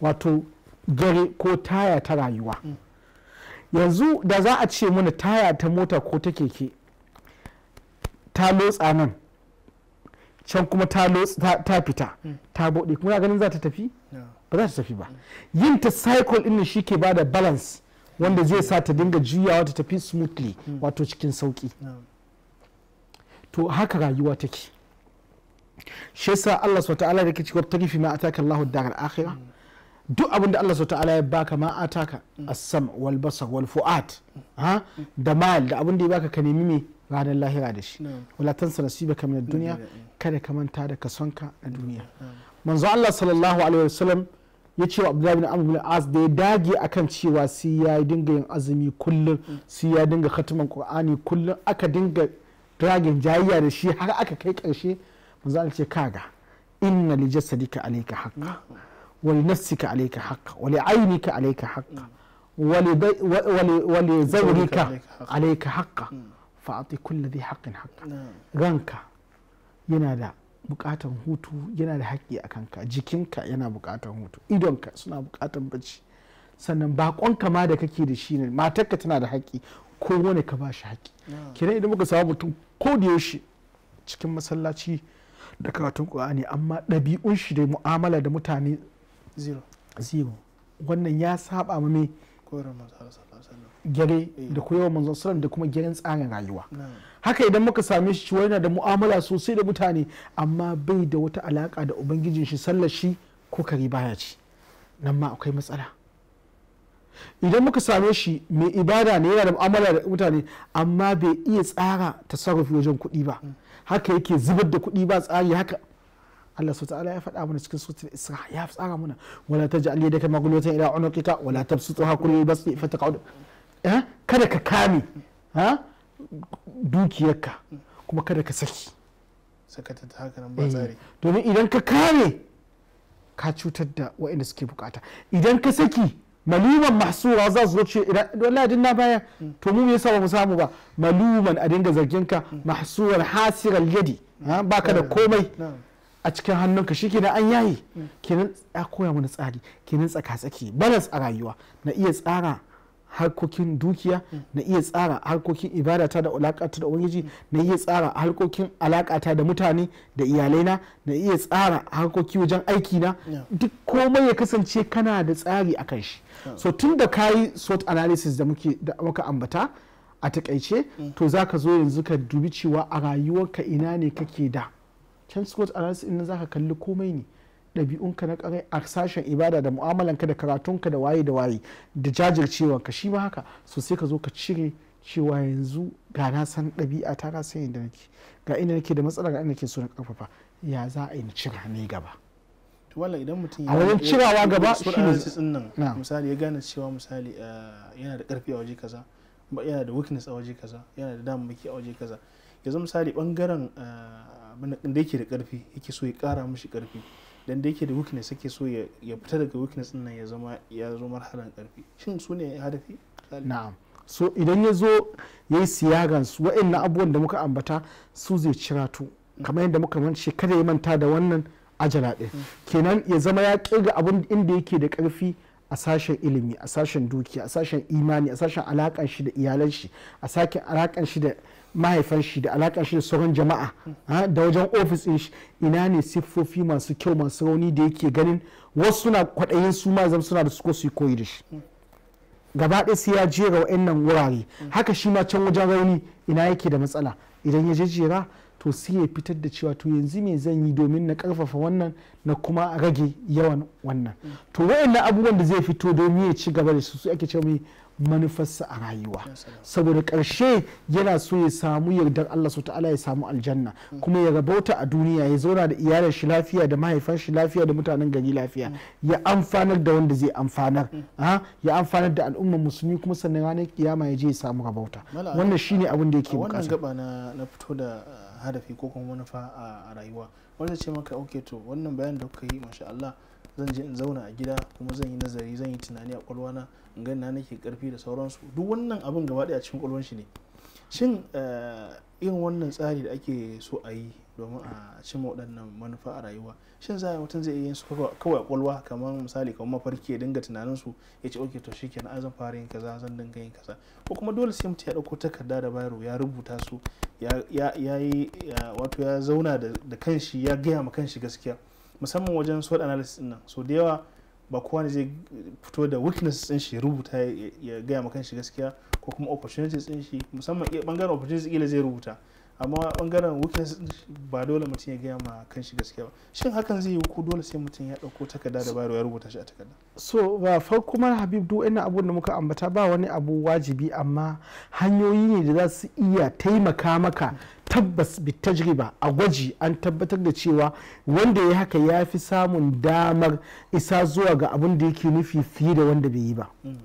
wato gare ko taya ta rayuwa mm. yanzu da za a ce mana taya ta mota ko ta keke ta lotsa nan can kuma ta fita hmm. ta bude kuma ganin za ta tafi ba za ta tafi ba yin ta cycle din shi ke ba da balance wanda zai sa ta dinga juyawa ta tafi smoothly hmm. wato cikin sauki to haka rayuwa take shi yasa Allah subhanahu wa ta'ala yake cewa tarifi ma ataka Allahu daral akhirah hmm. duk abin da Allah subhanahu ta'ala ya baka ma taka a sam wal basar wal da mal da abin ya baka ka nemi me ranar lahira da shi wala tansa nasibaka min duniya kada ka manta da kasonka na duniya manzo Allah sallallahu alaihi wasallam ya ce wa abdullahi bin amr as da ya dage akan cewa sai ya dinga yin azumi kullum sai ya dinga katuman qur'ani kullum aka dinga dragin jayayya da shi har aka kai karshe manzo Allah ce kaga inna lijasadika alayka haqqan ولنفسك عليك حق ولعينك عليك حق ولزورك عليك حق فأعطي كل ذي حق حق ranka yana da bukatan hutu yana da haƙƙi a kanka jikinka yana bukatan hutu idonka suna bukatan bacci sannan bakonka ma da kake da shi ne matarka tana da haƙƙi ko wani ka ba shi haƙƙi kenan idan muka samu mutum ko da yaushe cikin masallaci da karatun ƙur'ani amma ɗabi'un shi da mu'amala da mutane zero wannan ya saba mame gare eh. da koyarwa manzon sallam da kuma garen tsarin rayuwa haka idan muka same shi yana da mu'amala sosai da mutane amma bai da wata alaka da ubangijin shi sallar shi ko kari baya ci nan ma akwai matsala idan muka same shi mai ibada ne yana da mu'amala da mutane amma bai iya tsara ta sarrafi wajen kuɗi ba mm. haka yake zubar da kuɗi ba tsari haka Allah su ta'ala ya faɗa mana cikin suratul Isra ya tsara mana wala da yadaka maghlulatan ila unuqika wala ba su ne fata ƙaudu kada ka kame dukiyarka kuma kada ka saki sakata ta haka nan ba eh. tsari domin idan ka kame ka cutar da waɗanda suke bukata idan ka saki maluman mahsura za su zo ce wallahi na baya hmm. to mu yasa ba mu samu ba maluman a dinga zargin ka hmm. mahsuran hasiral yadi ba ka da eh. komai a cikin hannun ka shi kenan an yayi kenan ya koya mana tsari kenan tsaka-tsaki balas a rayuwa na iya tsara harkokin dukiya na iya tsara harkokin ibadata da alakata da ubangiji na iya tsara harkokin alakata da mutane da iyalai na iya tsara harkoki wajen aiki na duk komai ya kasance kana da tsari a kan shi so tun da kayi sort analysis da muka ambata a takaice mm. to zaka zo yanzu ka dubi cewa a rayuwarka ina ne kake da can scores analysis za zaka kalli komai ne ɗabi'unka na ƙarai a sashen ibada da mu'amalanka da karatunka da waye da waye da ka shi ma haka so sai ka zo ka cire cewa yanzu ga na san ɗabi'a ta ka san inda nake ga inda nake da matsala ga inda nake so na ƙarfafa ya za a yi na cira ne gaba wallan idan mutum ya wajen cirawa gaba shi ne misali ya gane cewa misali eh, yana da ƙarfi a waje kaza yana da weakness a waje kaza yana da damammaki a waje kaza yanzu misali bangaren eh, abin da yake da karfi yake so ya kara mishi karfi dan da yake da weakness yake so ya fita daga weakness din nan ya zama ya zo marhalan karfi shin su ne hadafi na'am so idan ya zo ya yi siyagan su wa'annan abubuwan da muka ambata su zai cira mm. kamar yadda muka man kada ya manta da wannan ajala ɗin mm. kenan ya zama ya kirga abin inda yake da karfi a sashen ilimi a sashen dukiya a sashen imani a sashen alakan shi da iyalan shi a sake alakan shi da mahaifan shi da alakar shi da sauran jama'a da wajen ofis ɗin shi ina ne siffofi masu kyau masu rauni da yake ganin wasu na kwaɗayin su ma zama suna da su ko koyi da shi gaba ɗaya sai ya jera wa'annan wurare haka shi ma can wajen rauni ina yake da matsala idan ya jejjera to sai ya fitar da cewa to yanzu me zan yi domin na karfafa wannan na kuma rage yawan wannan to na abubuwan da zai fito domin ya ci gaba da su ake cewa mai manufarsa a rayuwa saboda karshe yana so ya samu yardar Allah su ta'ala ya samu aljanna mm. kuma ya rabauta a duniya ya zauna da iyalin shi lafiya da mahaifan shi lafiya da mutanen gari lafiya mm. ya amfanar da wanda zai amfanar mm. ah, ya amfanar da al'ummar musulmi kuma sannan ranar kiyama ya je ya samu rabauta wannan shine abin da yake bukata wannan gaba na fito da hadafi ko kuma manufa a rayuwa wanda ce maka ok to wannan bayan da kuka yi masha Allah zan je in zauna a gida kuma zan yi nazari zan yi tunani a kwalwana in ga na nake karfi da sauransu duk wannan abin gaba daya cikin kwalwan shi ne shin eh, irin wannan tsari da ake so a yi domin a cimma waɗannan manufa a rayuwa shin za a mutum zai yin su kawai kwalwa kamar misali kamar mafarki ya dinga tunanin su ya ce oke to ke na zan fara yin kaza zan dinga yin kaza ko kuma dole sai mutum ya ɗauko takarda da bayarwa ya rubuta su ya yi wato ya zauna da kanshi ya gaya ma kanshi gaskiya musamman wajen sword analysis din nan so da yawa ba kowa ne zai fito da weakness din shi rubuta ya gaya ma kanshi gaskiya ko kuma opportunities din shi musamman bangaren opportunities kila zai rubuta amma bangaren wukin ba dole mutum ya gaya ma kan shi gaskiya ba shin hakan zai yi ko dole sai mutum ya dauko takarda da bayarwa ya rubuta shi a takarda so ba farko mara habib duk ina abun da muka ambata ba wani abu wajibi amma hanyoyi ne da za su iya taimaka maka tabbas tajriba a gwaji an tabbatar da cewa wanda ya haka ya fi samun damar isa zuwa ga abun da yake nufi fiye da wanda bai yi ba mm.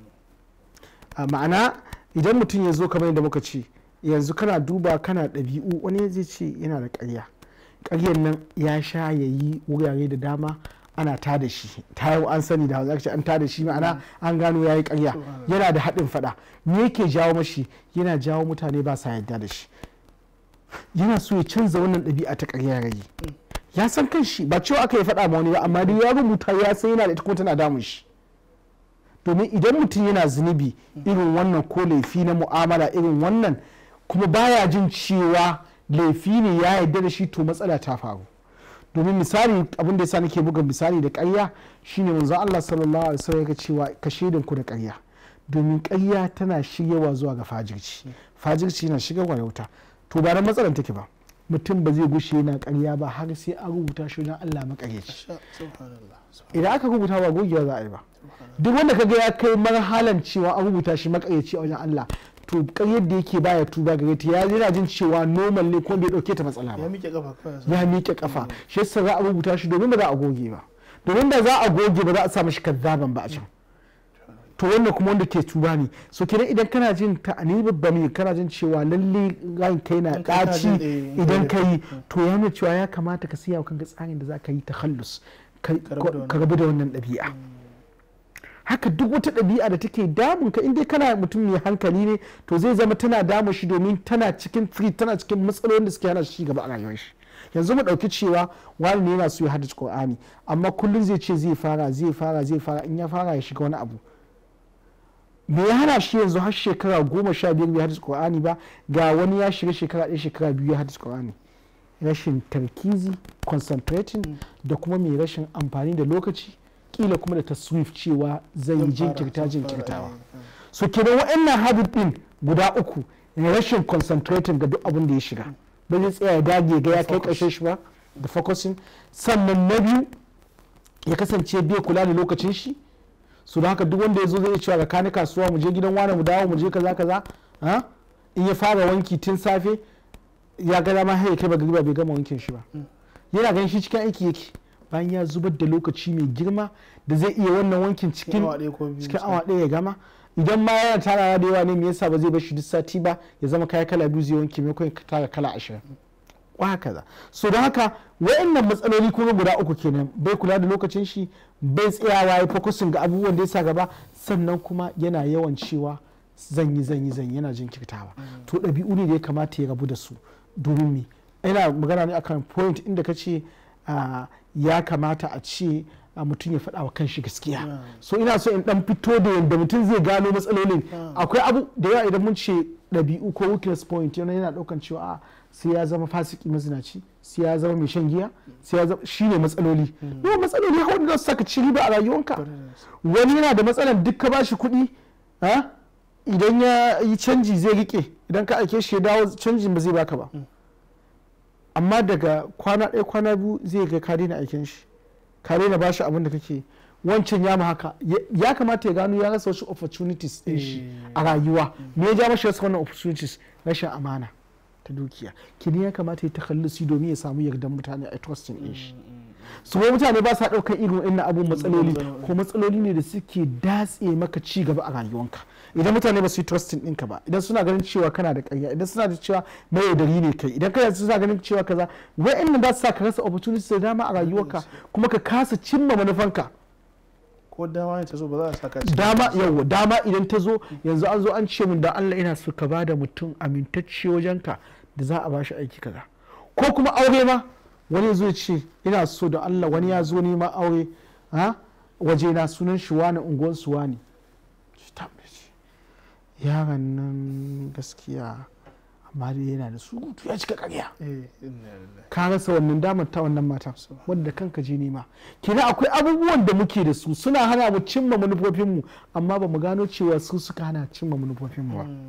ma'ana idan mutum ya zo kamar yadda muka ce yanzu kana duba kana ɗabi'u wani zai ce yana da ƙarya ƙaryar nan ya sha ya yi wurare da dama ana ta da shi ta yi an sani da hausa an ta da shi ma'ana an gano ya yi ƙarya yana da haɗin faɗa me yake jawo mashi yana jawo mutane ba sa yarda da shi yana so ya canza wannan ɗabi'a ta ƙarya rage mm. ya san kan shi ba cewa aka yi faɗa ma wani ba amma dai ya rubuta ya san yana da ita kuma tana damun shi domin idan mutum yana zunubi mm. irin wannan ko laifi na mu'amala irin wannan kuma baya jin cewa laifi ne ya yarda da shi to matsala ta faru domin misali abin da yasa nake buga misali da karya shine manzo Allah sallallahu alaihi wasallam yake cewa ka shaidan ku da ƙarya domin ƙarya tana shigewa zuwa ga fajirci fajirci na shigarwa da wuta to ba ran matsalar take ba mutum ba zai gushe yana karya ba har sai a rubuta shi don Allah makareci idan aka rubuta ba gogewa za a yi ba duk wanda kaga ya kai marhalan cewa an rubuta shi makareci a wajen Allah to yadda da yake baya tuba gare ta yana jin cewa normal ne kuma bai dauke ta matsala ba ya miƙe kafa shi yasa za a rubuta shi domin ba za a goge ba domin da za a goge ba za a sa shi kazzaban ba a can to wannan kuma wanda ke tuba ne so kenan idan kana jin babba babbami kana jin cewa lalle ran kai na kaci eh, idan eh, ka eh. to ya nuna cewa ya kamata ka siya kanka tsarin da za ka yi ta ka rabu da wannan ɗabi'a mm. haka duk wata ɗabi'a da take damun ka in kana mutum mai hankali ne to zai zama tana damun shi domin tana cikin free tana cikin matsalolin da suke hana shi gaba a rayuwar shi yanzu mu ɗauki cewa wani ne yana so ya haddace qur'ani amma kullum zai ce zai fara zai fara zai fara in ya fara ya shiga wani abu me ya hana shi yanzu har shekara goma sha biyar bai haddace qur'ani ba ga wani ya shiga shekara ɗaya shekara biyu ya haddace qur'ani rashin tarkizi concentrating da kuma mai rashin amfani da lokaci kila kuma da taswif cewa yi jinkirta jinkirtawa eh, eh. so ke don waɗannan habit din guda uku rashin concentrating ga duk abin da ya shiga ba zai tsaya dage ga ya kai karshen shi ba da focusing sannan na biyu ya kasance bai kula da lokacin shi su da haka duk wanda ya zo zai cewa ga kani kasuwa mu je gidan wani mu dawo mu je kaza kaza in ya fara wanki tun safe ya ga dama har ya kai ba bai gama wankin shi ba mm. yana ganin shi cikin aiki yake bayan ya zubar da lokaci mai girma da zai iya wannan wankin cikin awa ɗaya ya gama idan ma yana tarawa da yawa ne me yasa ba zai bar shi duk sati ba ya zama kaya kala biyu zai wanke maimakon ya tara kala ashirin kaza so don haka wayannan matsaloli kuma guda uku kenan bai kula da lokacin shi bai tsayawa ya fokusin ga abubuwan da ya sa gaba sannan kuma yana yawan cewa zan yi zan yi zan yana jinkirtawa mm. to ɗabi'u ne da ya kamata ya rabu da su domin me ina magana ne akan point inda ka ce ah, ya kamata a ce a mutum ya faɗa wa kanshi gaskiya so ina so in dan fito da yadda mutum zai gano matsalolin akwai abu da yawa idan mun ce ɗabi'u ko weakness point yana yana ɗaukan cewa a sai ya zama fasiki mazinaci sai ya zama mai shan giya sai ya zama shine matsaloli no mm. matsaloli har wanda su saka ciri ba a rayuwanka wani yana da matsalan duk ka bashi kuɗi idan ya yi canji zai rike idan ka aike shi ya dawo canjin ba zai baka ba mm. amma daga kwana ɗaya kwana biyu zai ga ka daina aikin shi ka daina bashi abin da kake wancan ya ma haka ya kamata ya gano ya rasa wasu opportunities ɗin shi a eh. rayuwa mm. me ya ja mashi rasa wannan opportunities rashin amana ta dukiya kini ya kamata ya takallusi domin ya samu yardan mutane a trusting ɗin shi mm, mm, su mutane ba sa ɗaukar irin wannan abun matsaloli ko matsaloli ne da suke datse maka ci gaba a rayuwanka idan mutane ba su yi trustin ɗinka ba idan suna ganin cewa kana da ƙarya idan suna da cewa mai yaudari ne kai idan kana suna ganin cewa kaza wa'annan za su sa ka rasa opportunity da dama a rayuwarka kuma ka kasa cimma manufanka ko dama ne ta zo ba za a saka ci dama yawa dama idan ta zo yanzu an zo an ce min da Allah ina so ka bada mutum amintacce wajenka da za a bashi aiki kaza ko kuma aure ma wani zo ce ina so da Allah wani ya zo nema aure ha ah, waje na sunan shi wani unguwan su wani yaron nan gaskiya amma dai yana da surutu ya cika karya eh, ka rasa wannan damar ta wannan mata wanda kanka je nema kina akwai abubuwan da muke da su suna hana mu cimma manufofinmu amma ba mu gano cewa su suka hana cimma manufofinmu ba hmm.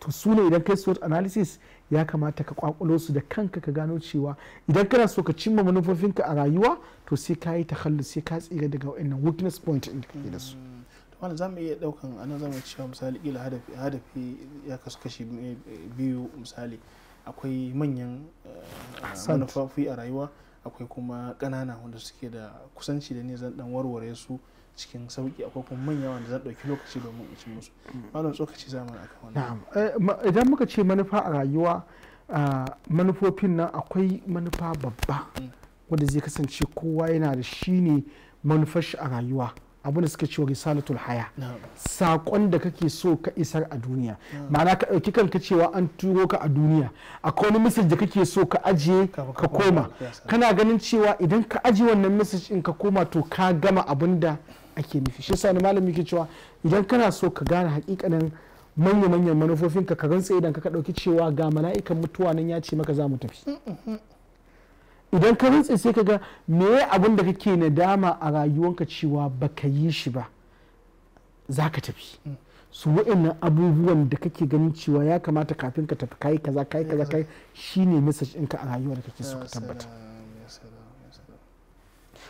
to su ne idan kai SWOT analysis ya kamata ka kwakulo su da kanka ka gano cewa idan kana so ka cimma manufofinka a rayuwa to sai ka yi takhallus sai ka tsira daga wannan weakness point din da kake da su hmm. wani za mu iya daukan ana zama cewa misali kila hadafi ya kasu kashi biyu misali akwai manyan eh, manufafi a rayuwa akwai kuma ƙanana wanda suke da kusanci da ne zan dan warware su cikin sauki akwai kuma manya wanda zan ɗauki lokaci domin in ci musu mm. malam tsokaci a akan wannan eh, idan muka ce manufa a rayuwa ah, manufofin nan akwai manufa babba mm. wanda zai kasance kowa yana da shi ne manufar a rayuwa abin da suka cewa risalatul haya saƙon da kake so ka isar a duniya ma'ana ka ɗauki kanka cewa an turo ka a duniya akwai wani message da kake so ka ajiye ka koma kana ganin cewa idan ka ajiye wannan message in ka koma to ka gama abin da ake nufi shi sani malami ke cewa idan kana so ka gane hakikanin manya-manyan manufofinka ka rantsa idan ka ɗauki cewa ga mala'ikan mutuwa nan ya ce maka za mu tafi idan ka rintse sai ka ga me abin da kake nadama a rayuwanka cewa ba ka yi shi ba za ka tafi su wa'annan abubuwan da kake ganin cewa ya kamata kafin ka tafi kai kaza kai kaza kai shine message ɗinka a rayuwa da kake so ka tabbata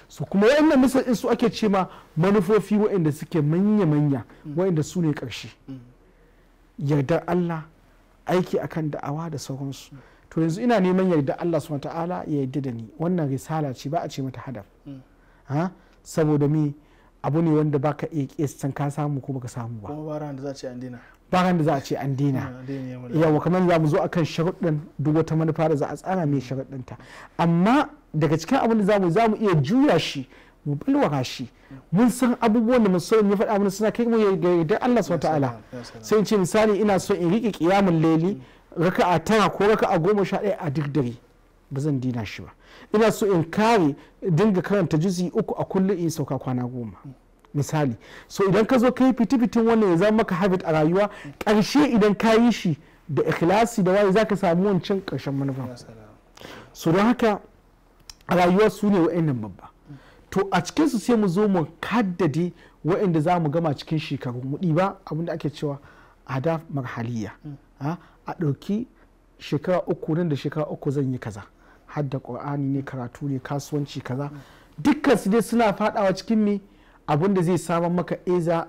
su kuma wa'annan message ɗin su ake ce ma manufofi wa'anda suke manya-manya wa'anda su ne ƙarshe yardar Allah aiki akan da'awa da sauransu to yanzu ina neman yarda Allah subhanahu ta'ala ya yarda da ni wannan risala ce ba a ce mata hadaf mm. ha saboda mi abu ne wanda baka iya kisan ka samu ko baka samu ba kuma baran da za a ce an dina baran da za a ce dina yawa kamar za mu zo akan sharuɗin duk wata manufa da za a tsara mai ta amma daga cikin abin da zamu zamu iya juya shi mu balwara shi mm. mun san abubuwan da musulun ya faɗa mana suna kai mu yarda Allah subhanahu ta'ala sai in ce misali ina so in riƙe kiyamul laili mm. raka'a tara ko raka'a goma sha ɗaya a duk dare ba zan dina shi ba ina so in kare dinga karanta juzi uku a kullum in sauka kwana goma misali so idan ka zo ka yi fiti-fitin wannan ya zama maka habit a rayuwa karshe idan ka yi shi da ikhlasi da waye zaka samu wancan karshen manufa so don haka a rayuwa su ne wa'annan babba to a cikin su sai mu zo mu kaddade wa'anda za mu gama cikin shekaru mu ɗiba abinda ake cewa adaf marhaliya mm. ah, a ɗauki shekara uku nan da shekara uku zan yi kaza hadda ƙur'ani ne karatu ne kasuwanci kaza dukkan su dai suna faɗawa cikin me abin da zai samar maka eza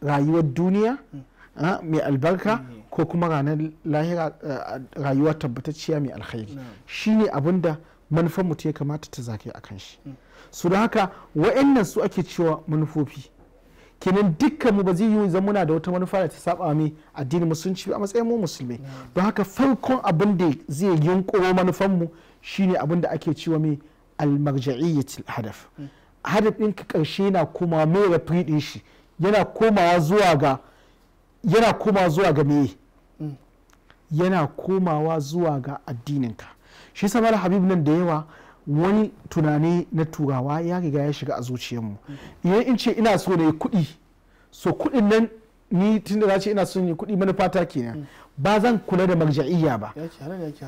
rayuwar duniya hmm. ah, mai albarka hmm. ko kuma ranar lahira eh, rayuwa tabbatacciya mai alkhairi hmm. shine abin da manufar ta ya kamata ta zaki a kan shi su da haka waɗannan su ake cewa manufofi kenan dukkan mu ba zai yi zan muna da wata manufa da ta saba mi addini musulunci a matsayin mu musulmi don haka farkon abin da zai yunkuro manufan mu shine abin da ake cewa mai almarja'iyyatul hadaf hadaf din ka karshe yana koma mai rafi din shi yana komawa zuwa ga yana komawa zuwa ga meye yana komawa zuwa ga addininka shi samar habib nan da yawa wani tunani na turawa ya riga ya shiga a zuciyarmu idan in ce ina so na yi kuɗi so kuɗin nan ni da na ce ina son yi kuɗi manufata kenan ba zan kula da marja'iyya ba ya ki haram ya ki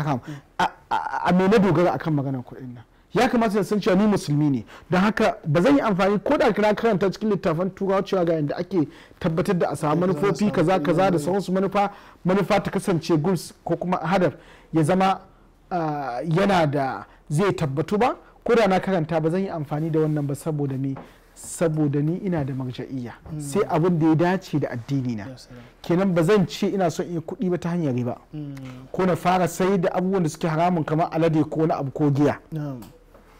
haram eh, a me na dogara akan maganar kuɗin nan ya kamata na san cewa ni musulmi ne don haka ba zan yi amfani ko da kira karanta cikin littafan turawa cewa ga yadda ake tabbatar da a samu manufofi kaza kaza da sauransu manufa manufa ta kasance guls ko kuma hadar ya zama yana da zai tabbatu ba ko da na karanta ba zan yi amfani da wannan ba saboda ni saboda ni ina da marja'iyya hmm. sai abin da ya dace da addini na kenan ba zan ce ina son iya kuɗi ba ta hanyar riba hmm. ko na fara sai da abubuwan da suke haramun kamar alade ko wani abu ko giya hmm.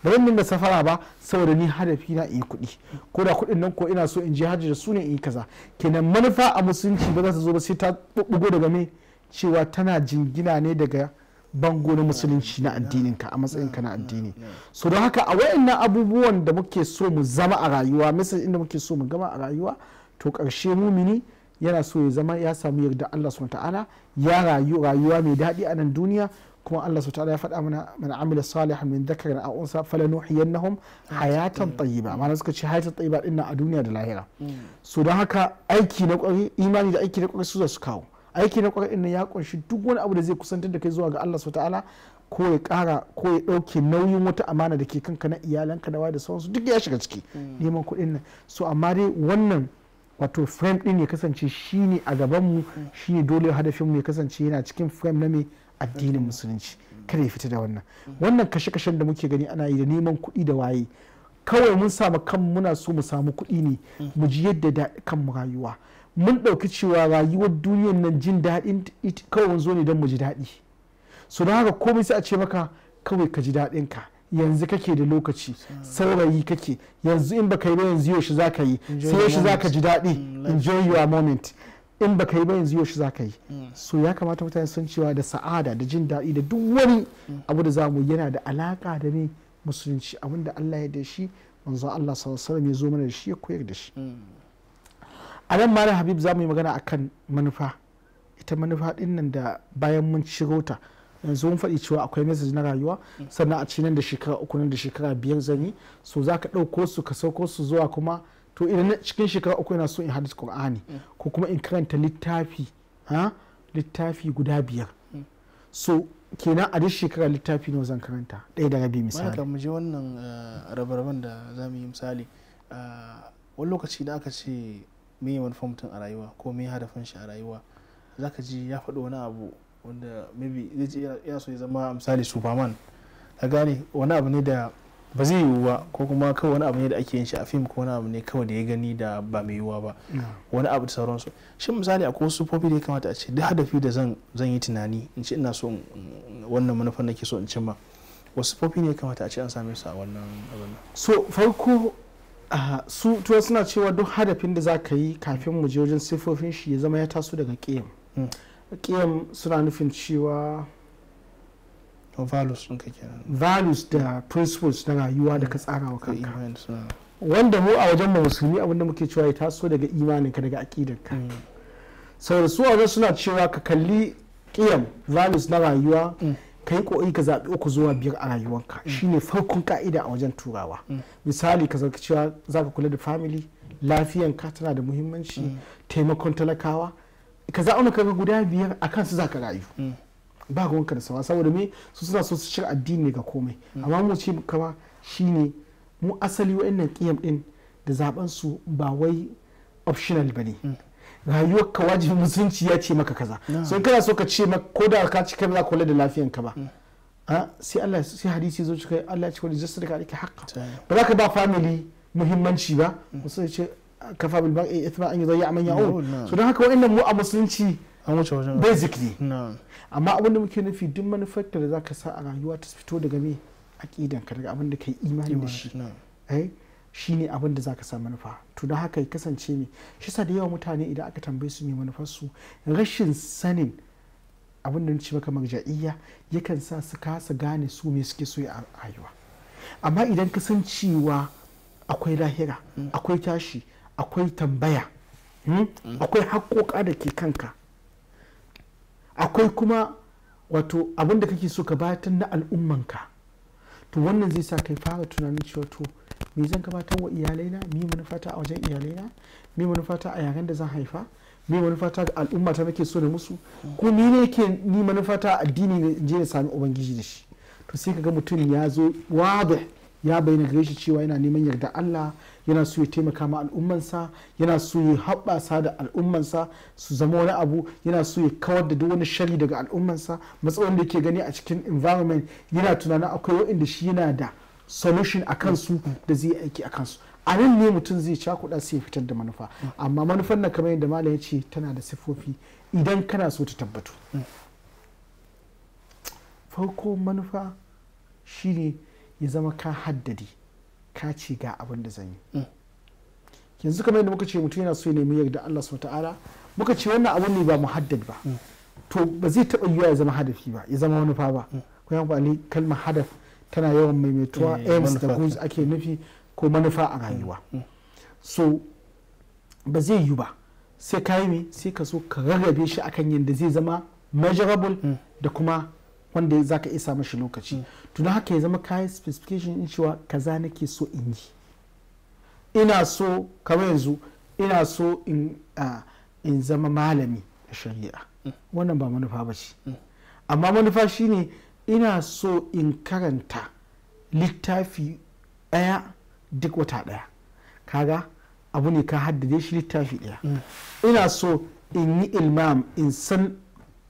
ba zan dinga safara ba saboda ni hadafi na iya kuɗi ko da kuɗin nan ko ina so in je hajji da su ne in yi kaza kenan manufa a musulunci ba za ta zo ba sai ta bugo daga me cewa tana jingina ne daga bango na musulunci na addininka a matsayinka na addini so don haka a wayannan abubuwan da muke so mu zama a rayuwa misali inda muke so mu gama a rayuwa to karshe mumini yana so ya zama ya samu yarda Allah subhanahu ta'ala ya rayu rayuwa mai daɗi a nan duniya kuma Allah subhanahu ta'ala ya faɗa mana man amila salihan min dhakarin aw unsa falanuhiyannahum hayatan tayyiba ma'ana suka ce hayatan tayyiba dinnan a duniya da lahira mm. so don haka aiki na kwari imani da aiki na kwari su za su kawo aiki na kwarai ya kunshi duk wani abu da zai kusantar da kai zuwa ga Allah ta'ala ko ya kara ko ya dauke nauyin wata amana da ke kanka na iyalanka da da sauransu duk ya shiga ciki mm. neman kuɗin nan so amma dai wannan wato frame din ya kasance shi ne a gaban mu mm. ne dole hadafin mu ya kasance yana cikin frame na mai addinin musulunci kada ya fita da wannan mm. wannan kashe-kashen da muke gani ana yi da neman kuɗi da waye kawai mun samu kan muna so mu samu kuɗi ne mu ji yadda da kan mu rayuwa mun ɗauki cewa rayuwar duniyar nan jin daɗin kawai wanzo ne don mu ji daɗi so da haka komai sai a ce maka kawai ka ji daɗin ka yanzu kake da lokaci saurayi kake yanzu in baka yi ba yanzu shi za ka yi sai shi za ka ji daɗi mm, enjoy your moment in baka yi ba yanzu shi za ka yi mm. so ya kamata mutane sun cewa da sa'ada da jin daɗi da duk wani mm. abu da zamu yana da alaka da ne musulunci abinda Allah ya da shi manzo Allah sallallahu alaihi wasallam ya zo mana da shi ya koyar da shi a nan mara habib za mu yi magana akan manufa ita manufa din nan da bayan mun shigo ta yanzu mun faɗi cewa akwai message na rayuwa sannan a ci nan da shekara uku nan da shekara biyar zan so za ka ɗauko su ka sauko su zuwa kuma to idan cikin shekara uku yana so in hadis qur'ani ko kuma in karanta littafi ha littafi guda biyar so kenan a duk shekara littafi nawa zan karanta ɗaya da rabi misali malaka mu je wannan eh, rabarban da za mu yi misali eh, wani lokaci da aka ce me ya manufan mutum a rayuwa ko me hadafin shi a rayuwa za ka ji ya faɗi wani abu wanda maybe zai ji ya so ya zama misali superman ka gane wani abu ne da ba zai yiwu ba ko kuma kawai wani abu ne da ake yin shi a fim ko wani abu ne kawai da ya gani da ba mai yiwuwa ba wani abu da sauransu shin misali a kowasu sufofi da ya kamata a ce duk hadafi da zan zan yi tunani in ce ina so wannan manufar nake so in cimma wasu sufofi ne ya kamata a ce an same su a wannan abu so farko su tuwa suna cewa duk hadafin da za ka yi kafin mu je wajen siffofin shi ya zama ya taso daga kiyam kiyam hmm. suna nufin cewa values values da principles na rayuwa da ka tsara wa kanka wanda mu a wajen mu musulmi abinda muke cewa ya taso daga imaninka daga ka hmm. saboda su a wajen suna cewa ka kalli kiyam values na rayuwa hmm. ka yi ƙoƙari ka zaɓi uku zuwa biyar a rayuwarka mm. shine farkon ka'ida a wajen turawa mm. misali ka zarki cewa za ka kula da family lafiyanka tana da muhimmanci mm. taimakon talakawa ka zaɓi ka guda biyar a kansu za ka rayu ba ruwanka da sawa saboda me su suna so su cin addini ga komai amma mu ce kama shine mu asali wa'annan ƙiyam ɗin da zaɓen su ba wai optional ne. rayuwarka wajibi musulunci ya ce maka kaza so kana so ka ce maka ko da ka ci kai ba za ka kula da lafiyar ka ba mm. sai Allah sai hadisi zo cikai Allah ya ce wani jasar ka alike haka ba za ka ba family muhimmanci ba mm. musu ce kafa bil baqi ithma an yudayya man ya'ul so don haka wa'annan mu a musulunci basically wuce wajen basic ne amma abin da muke nufi duk manufar da za ka sa a rayuwa ta fito daga me aqidan ka daga abin da kai imani da shi shine abin da zaka samu manufa to don haka ya kasance ne shi da yawa mutane idan aka tambaye su ne su rashin sanin abin da ci maka marja'iyya yakan sa su kasa gane su me suke so a rayuwa amma idan ka san cewa akwai lahira mm. akwai tashi akwai tambaya hmm, mm. akwai haƙoƙa da ke kanka akwai kuma wato abin da kake so ka bayar na al'ummanka to wannan zai sa kai fara tunanin cewa to me zan gabatar wa iyalaina me manufata a wajen iyalaina me manufata a yaren da zan haifa me manufata ga al'umma ta nake so da musu ko ni ne ke ni manufata a addini ne je na sami ubangiji da shi to sai kaga mutum ya zo wada ya bayyana gare shi cewa yana neman yarda Allah yana so ya taimaka ma al'ummansa yana so ya haɓasa da al'ummansa su zama wani abu yana so ya kawar da duk wani shari daga al'ummansa matsalolin da yake gani a cikin environment yana tunanin akwai waɗanda shi yana da solution a kansu da zai aiki a kansu a nan ne mutum zai kuɗa sai ya fitar da manufa amma manufar na kamar yadda malam ya ce tana da siffofi idan kana so ta tabbatu farko manufa shine ya zama ka haddadi ka ce ga abin da zan yi yanzu kamar yadda muka ce mutum yana so ya nemi yarda Allah subhanahu ta'ala muka ce wannan abin ne ba mu haddad ba to ba zai taɓa yiwuwa ya zama hadafi ba ya zama manufa ba kuma ba kalmar hadaf tana yawan maimaituwa eh, aims da goals ake nufi ko manufa a rayuwa mm, mm. so ba zai yi ba sai ka yi sai ka so ka rarrabe shi akan yadda zai zama measurable mm. da kuma wanda za ka isa mashi lokaci tuna haka ya zama kayan specification in cewa kaza nake so in yi ina so kamar yanzu ina so in zama malami a shari'a wannan ba manufa ba ce amma manufa shine ina so in karanta littafi ɗaya duk wata ɗaya kaga abu ne ka haddade shi littafi ɗaya mm. ina so in yi ilmam in san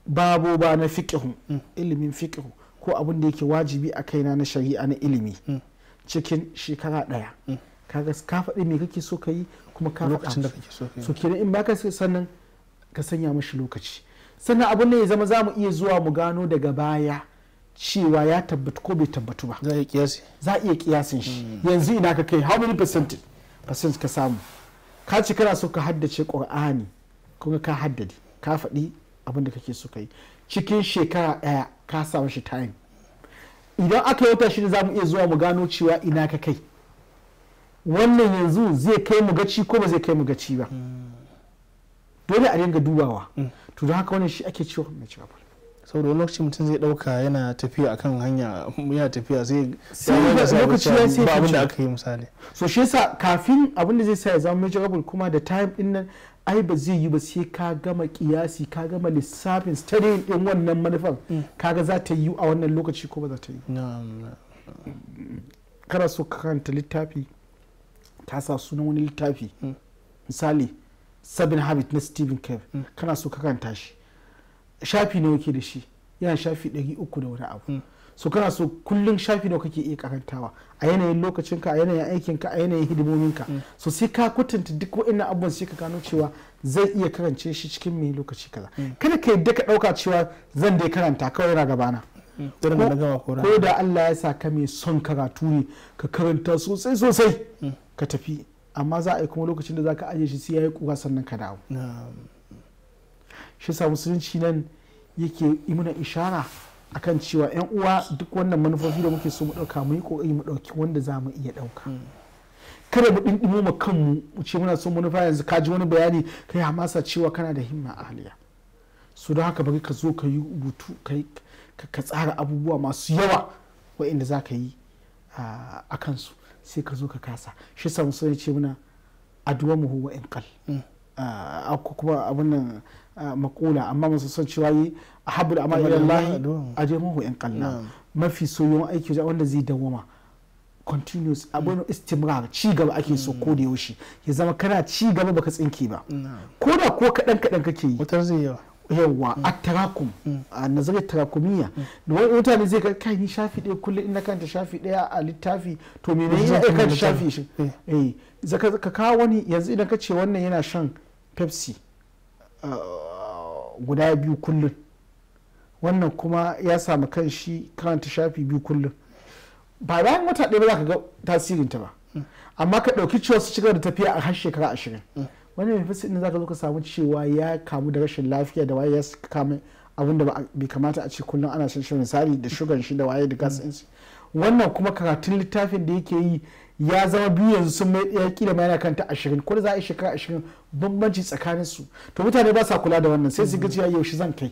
babo ba na fikihu mm. ilimin fikihu ko abin da yake wajibi a kaina na shari'a na ilimi mm. cikin shekara ɗaya kaga ka faɗi me kake so ka yi kuma ka lokacin da kake so ka so baka sannan ka sanya mashi lokaci sannan abin da ya zama za mu iya zuwa mu gano daga baya cewa ya tabbatu ko bai tabbatu ba za a iya kiyasi kiyasin shi hmm. yanzu ina ka kai how many percent percent ka samu ka ci kana so ka haddace qur'ani kuma ka haddade ka faɗi abin da kake so ka yi cikin shekara ɗaya ka samu shi time idan aka yi wata shida za mu iya zuwa mu gano cewa ina ka kai wannan yanzu zai kai mu gaci ko ba zai kai mu gaci ba hmm. dole a dinga dubawa hmm. to don haka wannan shi ake cewa mai cewa saboda wani lokaci mutum zai dauka yana tafiya akan hanya yana tafiya zai lokaci ya sai ba abin da aka yi misali so shi yasa kafin abin da zai sa ya zama measurable kuma da time din nan ai ba zai yi ba sai ka gama kiyasi ka gama lissafin study din wannan manufan mm. kaga za ta yi a wannan lokaci ko ba za ta yi kana so ka karanta littafi ka sa sunan wani littafi mm. misali seven habit na stephen kev mm. kana so ka karanta shi shafi nawa ke da shi yana shafi ɗari uku da wani abu hmm. so kana so kullum shafi nawa kake iya karantawa a yanayin lokacinka a yanayin aikinka a yanayin hidimominka hmm. so sai ka kwatanta duk wa'annan abubuwan sai ka gano cewa zai iya karance shi cikin mai lokaci kaza hmm. kada ka yadda ka ɗauka cewa zan dai karanta kawai yana gabana ko da Allah ya sa ka mai son karatu ne ka karanta sosai sosai ka tafi amma za a yi kuma lokacin da za ka ajiye shi sai ya yi kura sannan ka dawo shi sa musulunci nan yake imuna ishara akan cewa yan uwa duk wannan manufofi da muke so mu dauka mu yi kokari mu dauki wanda za mu iya dauka hmm. kada mu dindimo mu kanmu mu ce muna son manufa yanzu ka ji wani bayani kai hamasa cewa kana da himma aliya su don haka bari ka zo ka yi rubutu ka tsara abubuwa masu yawa wa'inda za ka yi a kansu sai ka zo ka kasa shi sa musulunci ce muna aduwa mu huwa in kal hmm. kuma abin nan makula amma masu son cewa yi a da amma ilallahi a mahu in kalla mafi soyon aiki wanda zai dawoma continuous abin istimrar ci gaba ake so ko da yaushe ya zama kana ci gaba baka tsinke ba ko da ko kadan kadan kake yi wutar zai yawa yawa mm. a tarakum mm. a nazarin tarakumiya mm. da wani mutane zai ga kai ni shafi ɗaya kullum ina kanta shafi ɗaya a littafi to me ne ya kanta shafi shi eh, eh zaka kawo wani yanzu idan ka ce wannan yana shan pepsi ah, guda biyu kullum wannan kuma ya samu kan shi karanta shafi biyu kullum ba bayan wata ɗaya ba za ka ga tasirinta ba amma ka ɗauki cewa su cigaba da tafiya a har shekara ashirin wani mai fasi za ka zo ka samu cewa ya kamu da rashin lafiya da waye ya kama abin da bai kamata a ce kullum ana shan shan misali da shugan shi da waye da gas wannan kuma karatun littafin da yake yi ya zama biyu yanzu sun mai ɗaya kila ma yana ta ashirin ko da za a yi shekara ashirin bambanci tsakanin su to mutane ba sa kula da wannan sai su ga cewa yaushe zan kai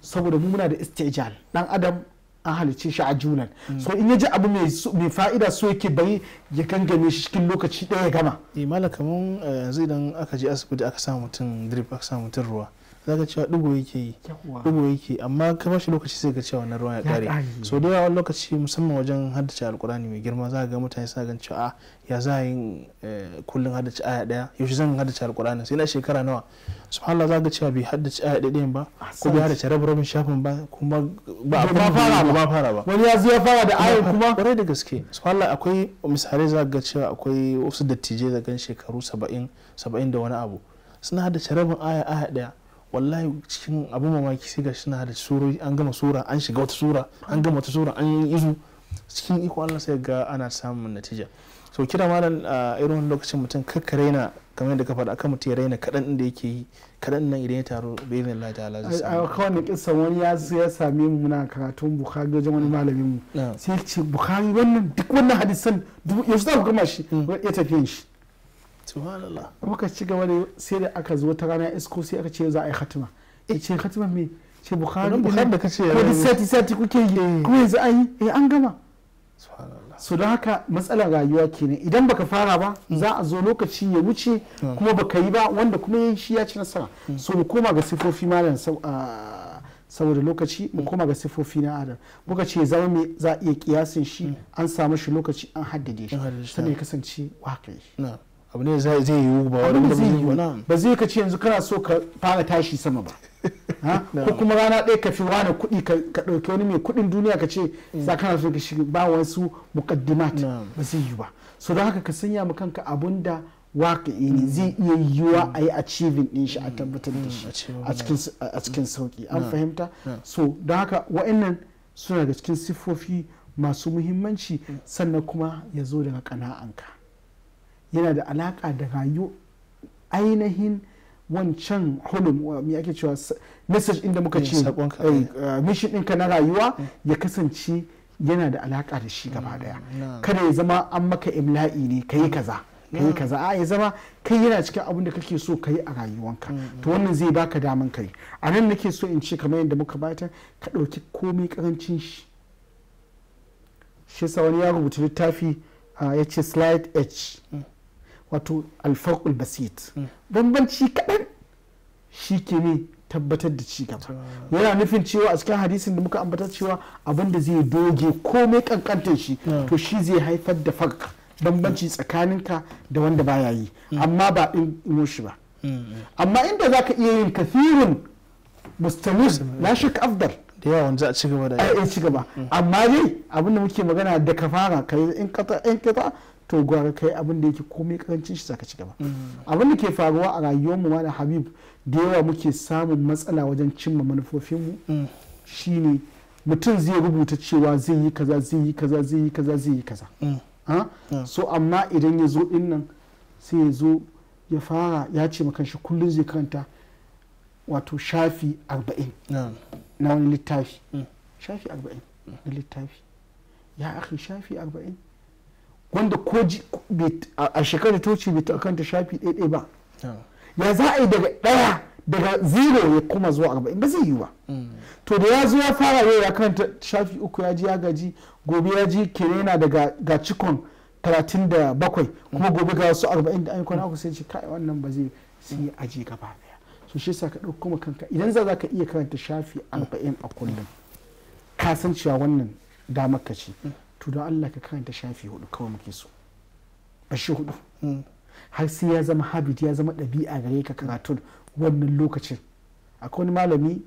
saboda mu muna da istijal dan adam an halice shi a junan mm. so in ya ji abu mai fa'ida so yake bai ya gangame shi cikin lokaci ɗaya gama. imala eh, kamar eh, yanzu idan aka je asibiti aka sa mutum drip aka sa mutum ruwa za ka cewa ɗigo yake yi ɗigo yake amma ka bashi lokaci sai ka cewa na ruwa ya ƙare so da yawa lokaci musamman wajen haddace alkurani mai girma za ga mutane suna gan cewa ah, ya za yin eh, kullum haddace aya ɗaya yaushe zan haddace alkurani sai na shekara nawa subhanallah za ga cewa bai haddace aya ɗaya ba ko bai haddace rabin rabin shafin ba kuma ba a fara ba fara ba wani ya zo ya fara da aya kuma kwarai da gaske subhanallah akwai misalai za ga cewa akwai wasu dattijai da gan shekaru saba'in saba'in da wani abu suna haddace rabin aya aya ɗaya wallahi cikin abu mamaki sai gashi na da surori an gama sura an shiga wata sura an gama wata sura an yi izu cikin iko Allah sai ga ana samun natija so kira malam a irin lokacin mutum kakka raina kamar yadda ka faɗa akan mutum ya raina kaɗan inda yake yi kaɗan nan idan ya taro bai zai Allah ta'ala zai samu a kawai kissa wani ya ya same mu muna karatun bukhari wajen wani malamin mu sai ce bukhari wannan duk wannan hadisan yanzu za ku gama shi mm. ya tafiyan shi subhanallah muka ci gaba da sai da aka zo ta rana isko sai aka ce za a yi hatima eh ce hatima me ce bukhari bukhari da kace ko da sati sati kuke yi eh. ko yanzu an yi eh an gama subhanallah so don haka matsalar rayuwa kenan idan baka fara ba hmm. za a zo lokaci ya wuce hmm. kuma baka yi ba wanda kuma yin shi ya ci nasara hmm. so mu koma ga sifofi malam ah, saboda lokaci mu koma ga sifofi na adam muka ce zama mai za a iya kiyasin shi an samu shi lokaci an haddade shi sannan ya kasance waƙe abu ne zai yiwu ba wani zai yiwu ba zai ka ce yanzu kana so ka fara tashi sama ba *laughs* ko kuma rana ɗaya ka fi wani kuɗi ka ɗauki wani mai kuɗin duniya ka ce za kana so ka shiga ba wasu mukaddimat ba zai yiwu ba so don haka ka sanya ma kanka abun da waƙi ne mm. zai iya yiwuwa mm. a yi achieving ɗin shi a mm. tabbatar da shi a cikin sauki an fahimta so don haka wa'annan suna da cikin siffofi masu muhimmanci sannan kuma ya zo daga ƙana'anka. yana da alaƙa da rayu ainihin wancan hulum me ake cewa message inda muka eh, ce eh, eh. mission ɗinka na rayuwa ya kasance yana da alaƙa da shi gaba daya mm, kada ya zama an maka imla'i ne ka yi mm, kaza ka yi kaza a ya zama kai yana cikin abin da kake so ka yi a rayuwanka mm, to wannan zai baka daman kai a nan nake so in ce kamar yadda muka bata ka ɗauki komai karancin shi shi sa wani ya rubuta littafi ah, ya ce slide h wato alfarkul basit bambanci kaɗan shi ke ne tabbatar da cigaba yana nufin cewa a cikin hadisin da muka ambata cewa abin da zai doge komai kankantar shi hmm. to shi zai haifar da fark bambanci tsakaninka da wanda baya yi hmm. amma ba in shi ba hmm, amma inda za ka iya yin kafirin mustamus na shi afdal da yawa wanzu a cigaba da da eh, cigaba amma dai abin da muke magana da ka kafara yi in kata to gwara kai abin da yake komai karancin shi zaka ci gaba abin da ke faruwa a rayuwar mu wani habib da yawa muke samun matsala wajen cimma manufofin manufofinmu shine mutum zai rubuta cewa zai yi kaza zai yi kaza zai yi kaza zai yi kaza ah? so amma idan ya zo din nan sai ya zo ya fara ya ce makan shi kullum zai karanta wato shafi arba'in na wani littafi shafi arba'in na littafi ya akai shafi arba'in wanda ko a shekarar ta wuce bai kanta shafi ɗaya ba ah. ya za a yi daga ɗaya daga zero ya kuma zuwa arba'in ba zai yi ba hmm. to da ya zo ya fara yau ya karanta shafi uku ya ji ya gaji gobe ya ji kirena daga ga cikon talatin da bakwai kuma hmm. gobe ga wasu arba'in da ayyukan aku sai ce kai wannan ba zai sai ya aje gaba daya so shi yasa ka ɗauki kuma kanka idan za ka iya karanta shafi hmm. arba'in a kullum ka san cewa wannan damar ka ce to don Allah ka karanta shafi hudu kawai muke so bashi hudu mm. har sai ya zama habit ya zama ɗabi'a gare ka karatun wannan lokacin akwai wani malami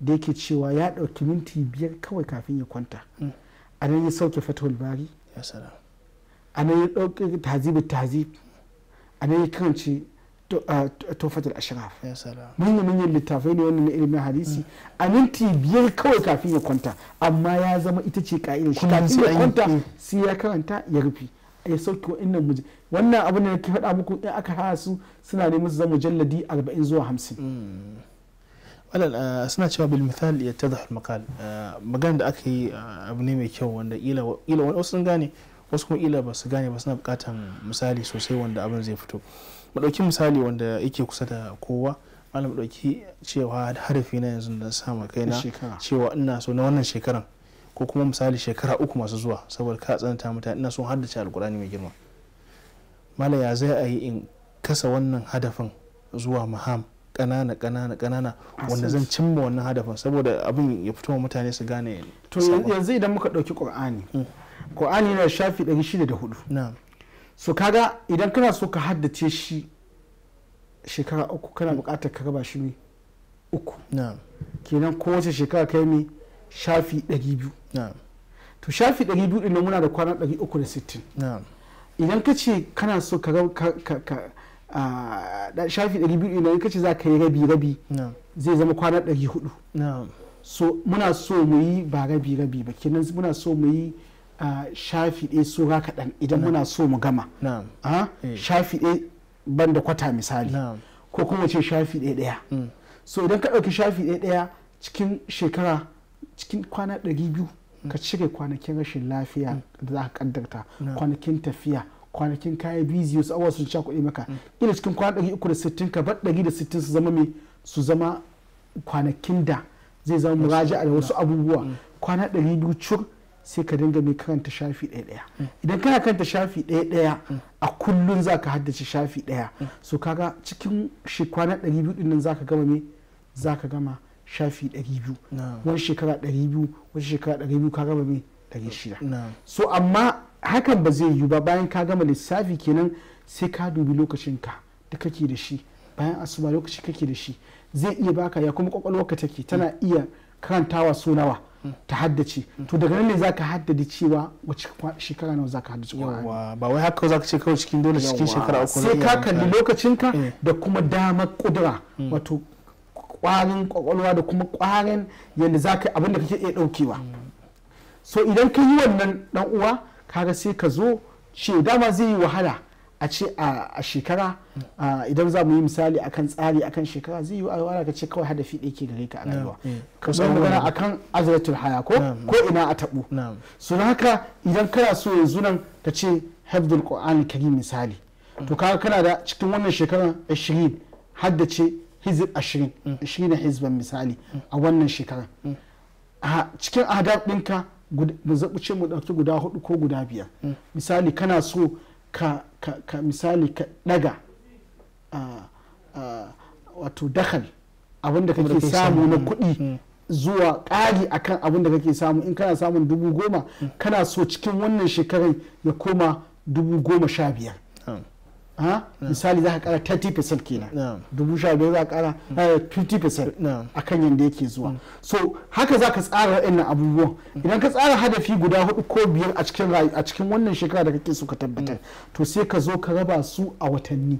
da yake cewa ya ɗauki minti biyar kawai kafin ya kwanta mm. a nan ya sauke fatahul bari a nan ya ɗauki tazibin tazib a nan ya karance tofatul uh, uh, ashraf manyan manyan littafai ne wannan na ilimin hadisi mm. a minti biyar kawai kafin ya kwanta amma ya zama ita ce ka'ida shi kafin ya kwanta mm. sai ya karanta ya rufe ya sauke innan mujal wannan abin da ke faɗa muku in aka haɗa su suna ne musu zama jalladi 40 zuwa 50 mm. alal uh, suna cewa bil misal ya ta zahar makal magana da aka yi abu ne mai kyau wanda ila wani wasu sun gane wasu kuma ila ba su gane ba suna bukatan misali sosai wanda abin zai fito mu ɗauki misali wanda yake kusa da kowa malam dauki cewa harafi na yanzu da sama kaina cewa ina so na wannan shekaran ko kuma misali shekara uku masu zuwa saboda ka tsananta mutane ina so haddace alkurani mai girma mala ya zai a yi in kasa wannan hadafin zuwa maham kanana kanana kanana wanda zan cimma wannan hadafin saboda abin ya fito mutane su gane to yanzu idan muka ɗauki ƙur'ani ƙur'ani mm. na shafi 604 so kaga idan kana so ka haddace shi shekara uku kana bukatar ka raba shi ne uku kenan kowace shekara kai mai shafi 200 to shafi 200 din muna da kwana 360 idan ka ce kana so ka shafi 200 idan ka ce za ka yi rabi-rabi zai zama kwana 400 so muna so mu yi ba rabi-rabi ba kenan muna so mu yi shafiɗe su ga kaɗan idan muna so mu gama eh. ɗe ban da kwata misali ko kuma ce shafiɗe ɗaya mm. so idan ka ɗauki shafiɗe ɗaya cikin shekara cikin kwana ɗari biyu mm. ka cire kwanakin rashin lafiya mm. da za ka kaddarta kwanakin tafiya kwanakin kayan biziyo su wasu sun sha kuɗi maka ina cikin kwana ɗari uku da sittin ka bar ɗari da sittin su zama mai su zama kwanakin da zai zama muraja da wasu abubuwa kwana ɗari biyu cur sai ka dinga mai karanta shafi ɗaya ɗaya idan kana karanta shafi ɗaya ɗaya a kullum za ka haddace shafi ɗaya so kaga cikin shekwana kwana ɗari biyu ɗin za ka gama me za ka gama shafi ɗari biyu wani shekara ɗari biyu wani shekara ɗari biyu ka gama me ɗari shida so amma hakan ba zai yiwu ba bayan ka gama lissafi kenan sai ka dubi lokacin ka da kake da shi bayan asuba lokaci kake da shi zai iya baka ya kuma kwakwalwarka take tana iya karantawa so nawa ta haddace to daga nan ne zaka haddace cewa wace shekara nawa zaka haddace yawa ba wai haka zaka ce kawai cikin dole cikin shekara uku sai ka kalli lokacinka eh. da kuma damar kudura hmm. wato kwarin kwakwalwa da kuma kwarin yadda zaka abin da kake iya daukewa hmm. so idan ka yi wannan dan uwa kaga sai ka zo ce dama zai yi wahala a ce a shekara idan za mu yi misali akan tsari akan shekara zai yi a wara ka ce kawai hadafi ɗaya ke gare ka a rayuwa mm. ka so magana akan azratul haya ko ko ina a tabo so haka idan kana so yanzu nan ka ce hafdul qur'an karim misali to kaga kana da cikin wannan shekara 20 haddace hizib 20 20 hizban misali a wannan shekara mm. cikin adab ɗinka mu zaɓi ce mu ɗauki guda hudu ko guda biyar mm. misali kana so ka ka misali ka daga wato dakal abin da kake samu na kuɗi mm. Mm. zuwa ƙari akan abin da kake samu in kana samun dubu goma mm. kana so cikin wannan shekarar ya koma dubu goma sha biyar misali za ka kara 30% kenan dubu sha biyar za ka kara 50% mm. eh, a kan yadda yake zuwa mm. so haka za ka tsara wa'annan abubuwa mm. idan ka tsara hadafi guda hudu ko biyar a cikin a cikin wannan shekara da kake so ka tabbatar to sai ka zo ka raba su a watanni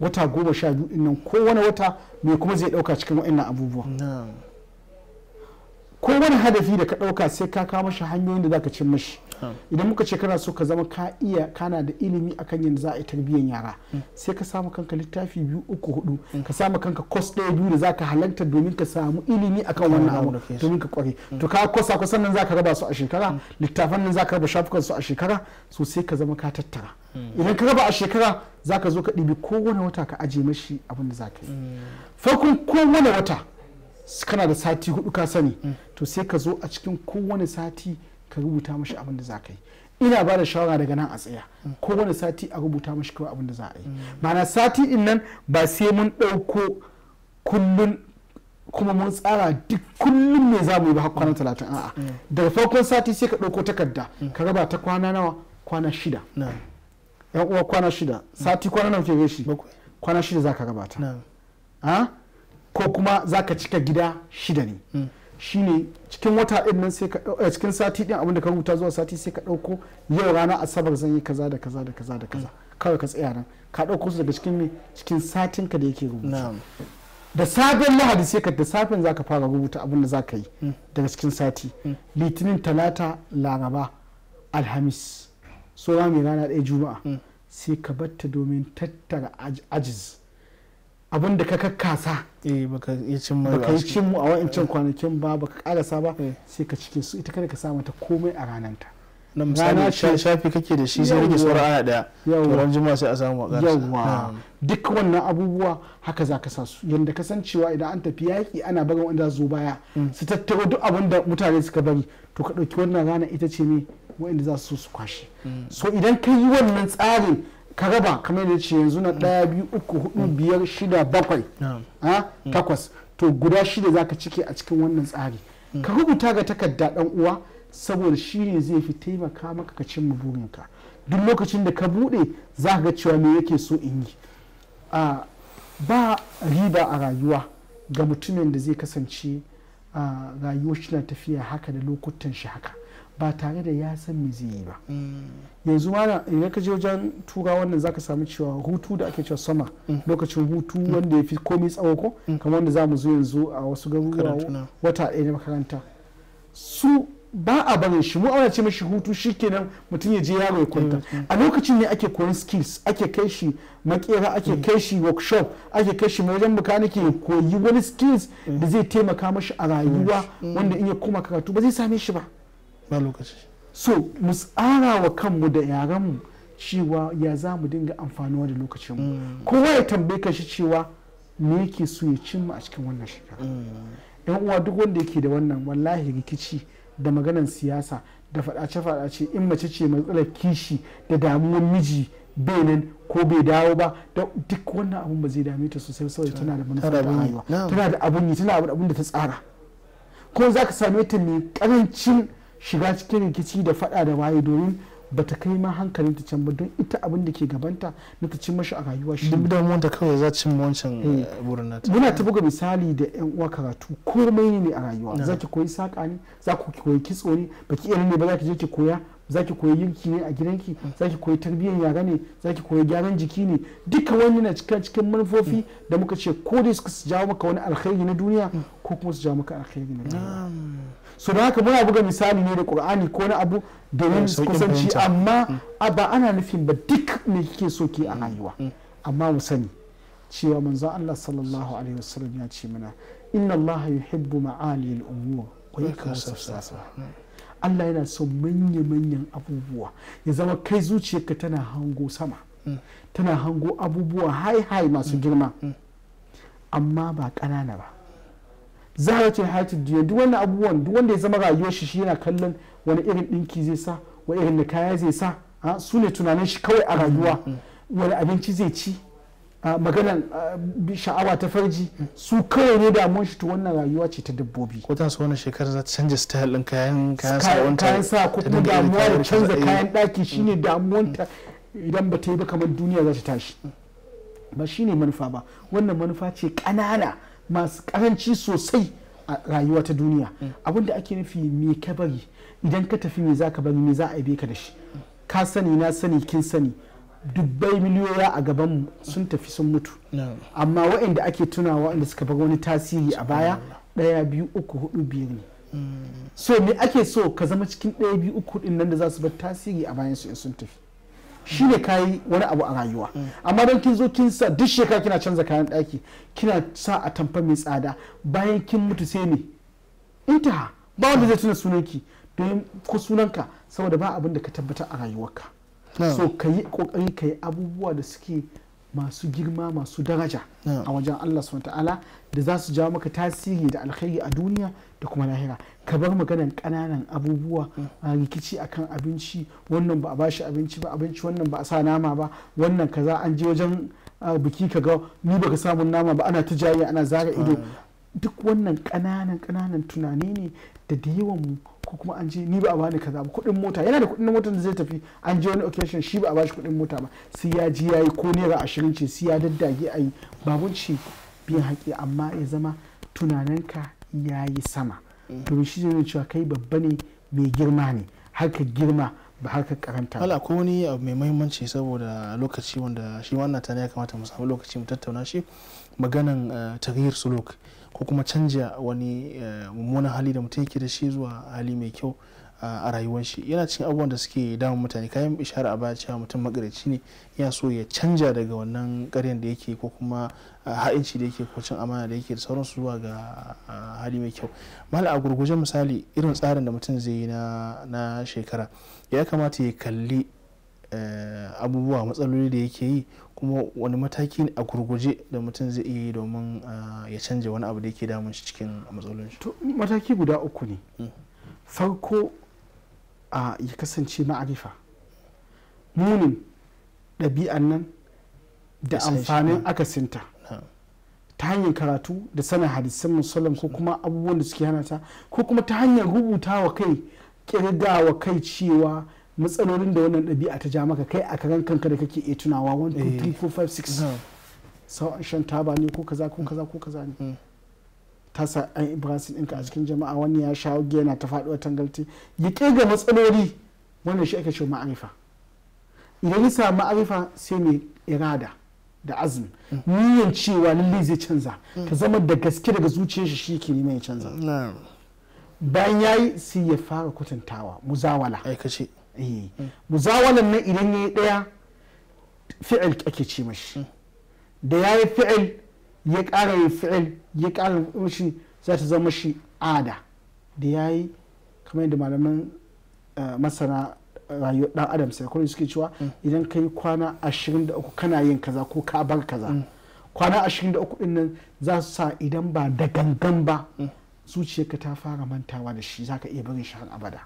wata goma sha biyu ko wani wata mai kuma zai dauka cikin wa'annan abubuwa ko wani hadafi da ka dauka sai ka kama shi hanyoyin da za ka cin mashi idan muka ce kana so ka zama ka iya kana da ilimi akan yadda za a yi tarbiyyar yara sai ka samu kanka littafi biyu uku hudu ka samu kanka kwas ɗaya biyu da za ka halarta domin ka samu ilimi akan wannan abu domin ka kware mm. to ka kwasa kusan nan za ka raba su a shekara mm. littafan nan za ka raba shafukan su a shekara so sai ka zama ka tattara mm. idan ka raba a shekara za ka zo ka ɗibi kowane wata ka aje mashi abin da za ka yi farkon kowane wata kana da sati hudu ka sani to sai ka zo a cikin kowane sati ka rubuta mashi abin da za ka yi ina ba da shawara daga nan a tsaya ko wani sati a rubuta mashi kawai abin da za a yi mana sati in nan ba sai mun ɗauko kullum kuma mun tsara duk kullum me za mu yi ba kwana talatin a'a mm. daga farkon sati sai ka ɗauko takarda mm. ka raba ta kwana nawa kwana shida yan uwa kwana shida sati mm. kwana nawa ke shi kwana shida za ka raba ta ko kuma za ka cika gida shida ne shine cikin wata din nan sai ka eh, cikin sati din abinda ka rubuta zuwa sati sai ka ɗauko yau rana asabar zan yi kaza da kaza da kaza da kaza kawai ka tsaya nan ka ɗauko su daga cikin cikin satin ka da yake rubuta da sabon lahadi sai ka da safin zaka fara rubuta abinda da ka yi mm. daga cikin sati mm. litinin talata laraba alhamis sora mai rana ɗaya juma'a mm. sai ka batta domin tattara ajiz abin da ka kakkasa eh, baka yi cin mu a cin eh. kwanakin ba baka karasa ba eh. sai ka cike su ita kada ka sa mata komai a rananta na misali shafi kake da shi sai rage sauran ana daya wurin juma sai a samu a yawa duk wannan abubuwa haka za ka sa su yadda ka san cewa idan an tafi yaki ana barin wanda zo baya mm. su tattaro duk abin da mutane suka bari to ka ɗauki wannan rana ita ce ne wa'anda za su so su kwashe mm. so idan ka yi wannan tsarin ka raba kamar da ce yanzu na ɗaya biyu uku hudu mm. biyar shida bakwai ah, mm. takwas to guda shida zaka cike a cikin wannan tsari mm. ka rubuta ga takarda dan uwa saboda shi ne zai fi taimaka maka ka cimma burinka duk lokacin da ka bude za ka ga cewa me yake so in yi ah, ba riba a rayuwa ga mutumin da zai kasance ah, rayuwar shi na tafiya haka da lokutan shi haka ba tare da ya san me zai yi ba mm. yanzu mana idan ka je wajen tura wannan zaka samu cewa hutu da ake cewa sama mm. lokacin hutu mm. wanda ya fi komai tsawo ko kamar wanda za mu zo yanzu a wasu garuruwa wata ɗaya na makaranta su ba a barin shi mu ana ce mashi hutu shi kenan mutum ya je yaro ya kwanta a lokacin ne ake koyon skills ake kai shi makera ake kai shi workshop ake kai shi wajen makaniki ya koyi wani skills da zai taimaka mashi a rayuwa wanda in ya koma karatu ba zai same shi ba ba lokaci so mu tsara wa kanmu da yaranmu cewa ya za mu dinga amfanuwa da lokacinmu mm. kowa ya tambaye ka shi cewa me yake so ya cimma a cikin wannan shekara yan mm. uwa duk wanda yake da wannan wallahi rikici da maganan siyasa da fadace fadace in mace ce matsalar kishi da damuwar miji bai ko bai dawo ba da duk wannan abun ba zai dame ta sosai saboda tana da manufa ta rayuwa tana da abun yi tana abun da ta tsara ko za ka same ta mai karancin shiga cikin rikici da fada da waye domin ba ta kai ma hankalin ta can ba don ita abin da ke gabanta na ta mashi a rayuwa shi duk da wanda kawai za cin wancan eh, eh, burin nata muna ta buga misali da yan uwa karatu komai ne a rayuwa za ki koyi saka ne za ki koyi kitso ne baki ki ne ba za ki je ki koya za ki koyi yinki ne a gidanki mm. za ki koyi tarbiyyar yara ne za ki koyi gyaran jiki ne duka wani na cikin cikin manufofi mm. da muka ce ko dai su jawo maka wani alkhairi na duniya mm. ko kuma su jawo maka alkhairi na duniya so da haka muna buga misali ne da ƙur'ani ko na abu domin kusanci amma mm. ba ana nufin ba duk me kike so ke a rayuwa mm. amma mu sani cewa manzon Allah sallallahu alaihi wasallam ya ce mana inna Allah yuhibbu ma'ali al-umur wa yakra mm. Allah yana son manya-manyan abubuwa ya zama kai zuciyarka tana hango sama tana hango abubuwa hai-hai masu girma amma ba ƙanana ba zaharatul hayatul duniya duk wani abubuwan duk wanda ya zama rayuwar shi yana kallon wani irin dinki zai sa wani irin kaya zai sa su ne tunanin shi kawai a rayuwa mm, mm, mm. wani abinci zai ci maganan sha'awa ta farji su kawai ne damuwar shi ta wannan rayuwa ce ta dabbobi ko ta su wannan shekarar za ta canza style din kayan kayan kayan sa ko kuma damuwa da canza kayan daki shine damuwar ta idan ba ta yi ba kamar duniya za ta tashi ba shine manufa ba wannan manufa ce kanana. masu karanci sosai a rayuwa ta duniya abin da ake nufi me ka bari idan ka tafi me za ka bari me za a aibe ka da shi ka sani na sani kin sani dubbai miliyoya a gaban mu sun tafi sun mutu amma waɗanda ake tunawa waɗanda suka bar wani tasiri a baya ɗaya biyu uku hudu biyar ne hmm. so me ake so ka zama cikin ɗaya biyu uku ɗin nan da za su bar tasiri a bayan su in sun tafi shi ne kayi wani abu a rayuwa mm. amma don kin zo kin sa duk shekara kina canza kayan ɗaki kina sa a tamfa mai tsada bayan kin mutu sai ne intaha ba wanda zai tuna sunanki don ko sunanka saboda ba abin da ka tabbata a rayuwarka so ka yi kokari ka yi abubuwa da suke masu girma masu daraja a wajen Allah subhanahu ta'ala da za su jawo maka tasiri da alkhairi a duniya da kuma lahira ka bar maganar kananan abubuwa rikici akan abinci wannan ba a bashi abinci ba abinci wannan ba a sa nama ba wannan kaza an je wajen biki ka ga ni baka samu nama ba ana ta jaye ana zara ido duk wannan kananan kananan tunani ne da da yawan mu ko kuma an je ni ba a bani kaza ba kuɗin mota yana da kuɗin motar da zai tafi an je wani occasion shi ba a bashi kuɗin mota ba sai ya ji yayi ko naira ashirin ce sai ya daddage a yi babunci biyan haƙi amma ya zama tunaninka ya yi sama domin shi zai cewa kai babba ne mai girma ne har ka girma ba har ka karanta hala ko wani abu mai mahimmanci saboda lokaci wanda shi wannan tana ya kamata mu samu lokaci mu tattauna shi maganan eh, taghyir suluk ko kuma canja wani eh, mummunan hali da mutum yake da shi zuwa hali mai kyau a rayuwar shi yana cikin abubuwan da suke damun mutane kayan ishara a baya cewa mutum makareci ne ya so ya canja daga wannan karyan da yake ko kuma ha'inci da yake ko cin amana da yake da sauransu zuwa ga hali mai kyau mala a gurguje misali irin tsarin da mutum zai yi na shekara ya kamata ya kalli eh, abubuwa matsaloli da yake yi kuma wani mataki a gurguje da mutum zai iya yi domin ya canja wani abu da yake damun shi cikin matsalolin shi mataki guda uku ne hmm. farko a ya kasance ma'arifa munin ɗabi'an nan da amfanin akasinta ta hanyar karatu da sanin hadisan musulun ko kuma abubuwan da suke hana ta ko kuma ta hanyar rubuta wa kai kirga wa kai cewa matsalolin da wannan ɗabi'a ta ja maka kai a karan kanka da kake iya tunawa 1 2 3 4 5 6 sau an shan taba ne ko kaza ko kaza ko kaza ne hmm. sa an Ibrahim ɗinka a cikin jama'a wani ya sha wuge yana ta faɗuwa tangalti ya ga matsaloli wannan shi ake ce ma'arifa idan ya samu ma'arifa sai mai irada da azumi niyan cewa lallai zai canza ta zama da gaske daga zuciyar shi shi ke neman ya canza bayan ya yi sai ya fara kwatantawa muzawala aikace eh, muzawalan nan idan ya yi ɗaya fi'il ake ce mashi mm. da ya yi fi'il ya ƙara yin fi'il ya ƙara mishi za ta zama shi ada da ya yi kamar yadda malaman masana rayuwar ɗan adam sai suke cewa idan ka yi kwana 23 kana yin kaza ko ka bar kaza kwana 23 din nan za su sa idan ba da gangan ba zuciyarka ta fara mantawa da shi za ka iya barin shi har abada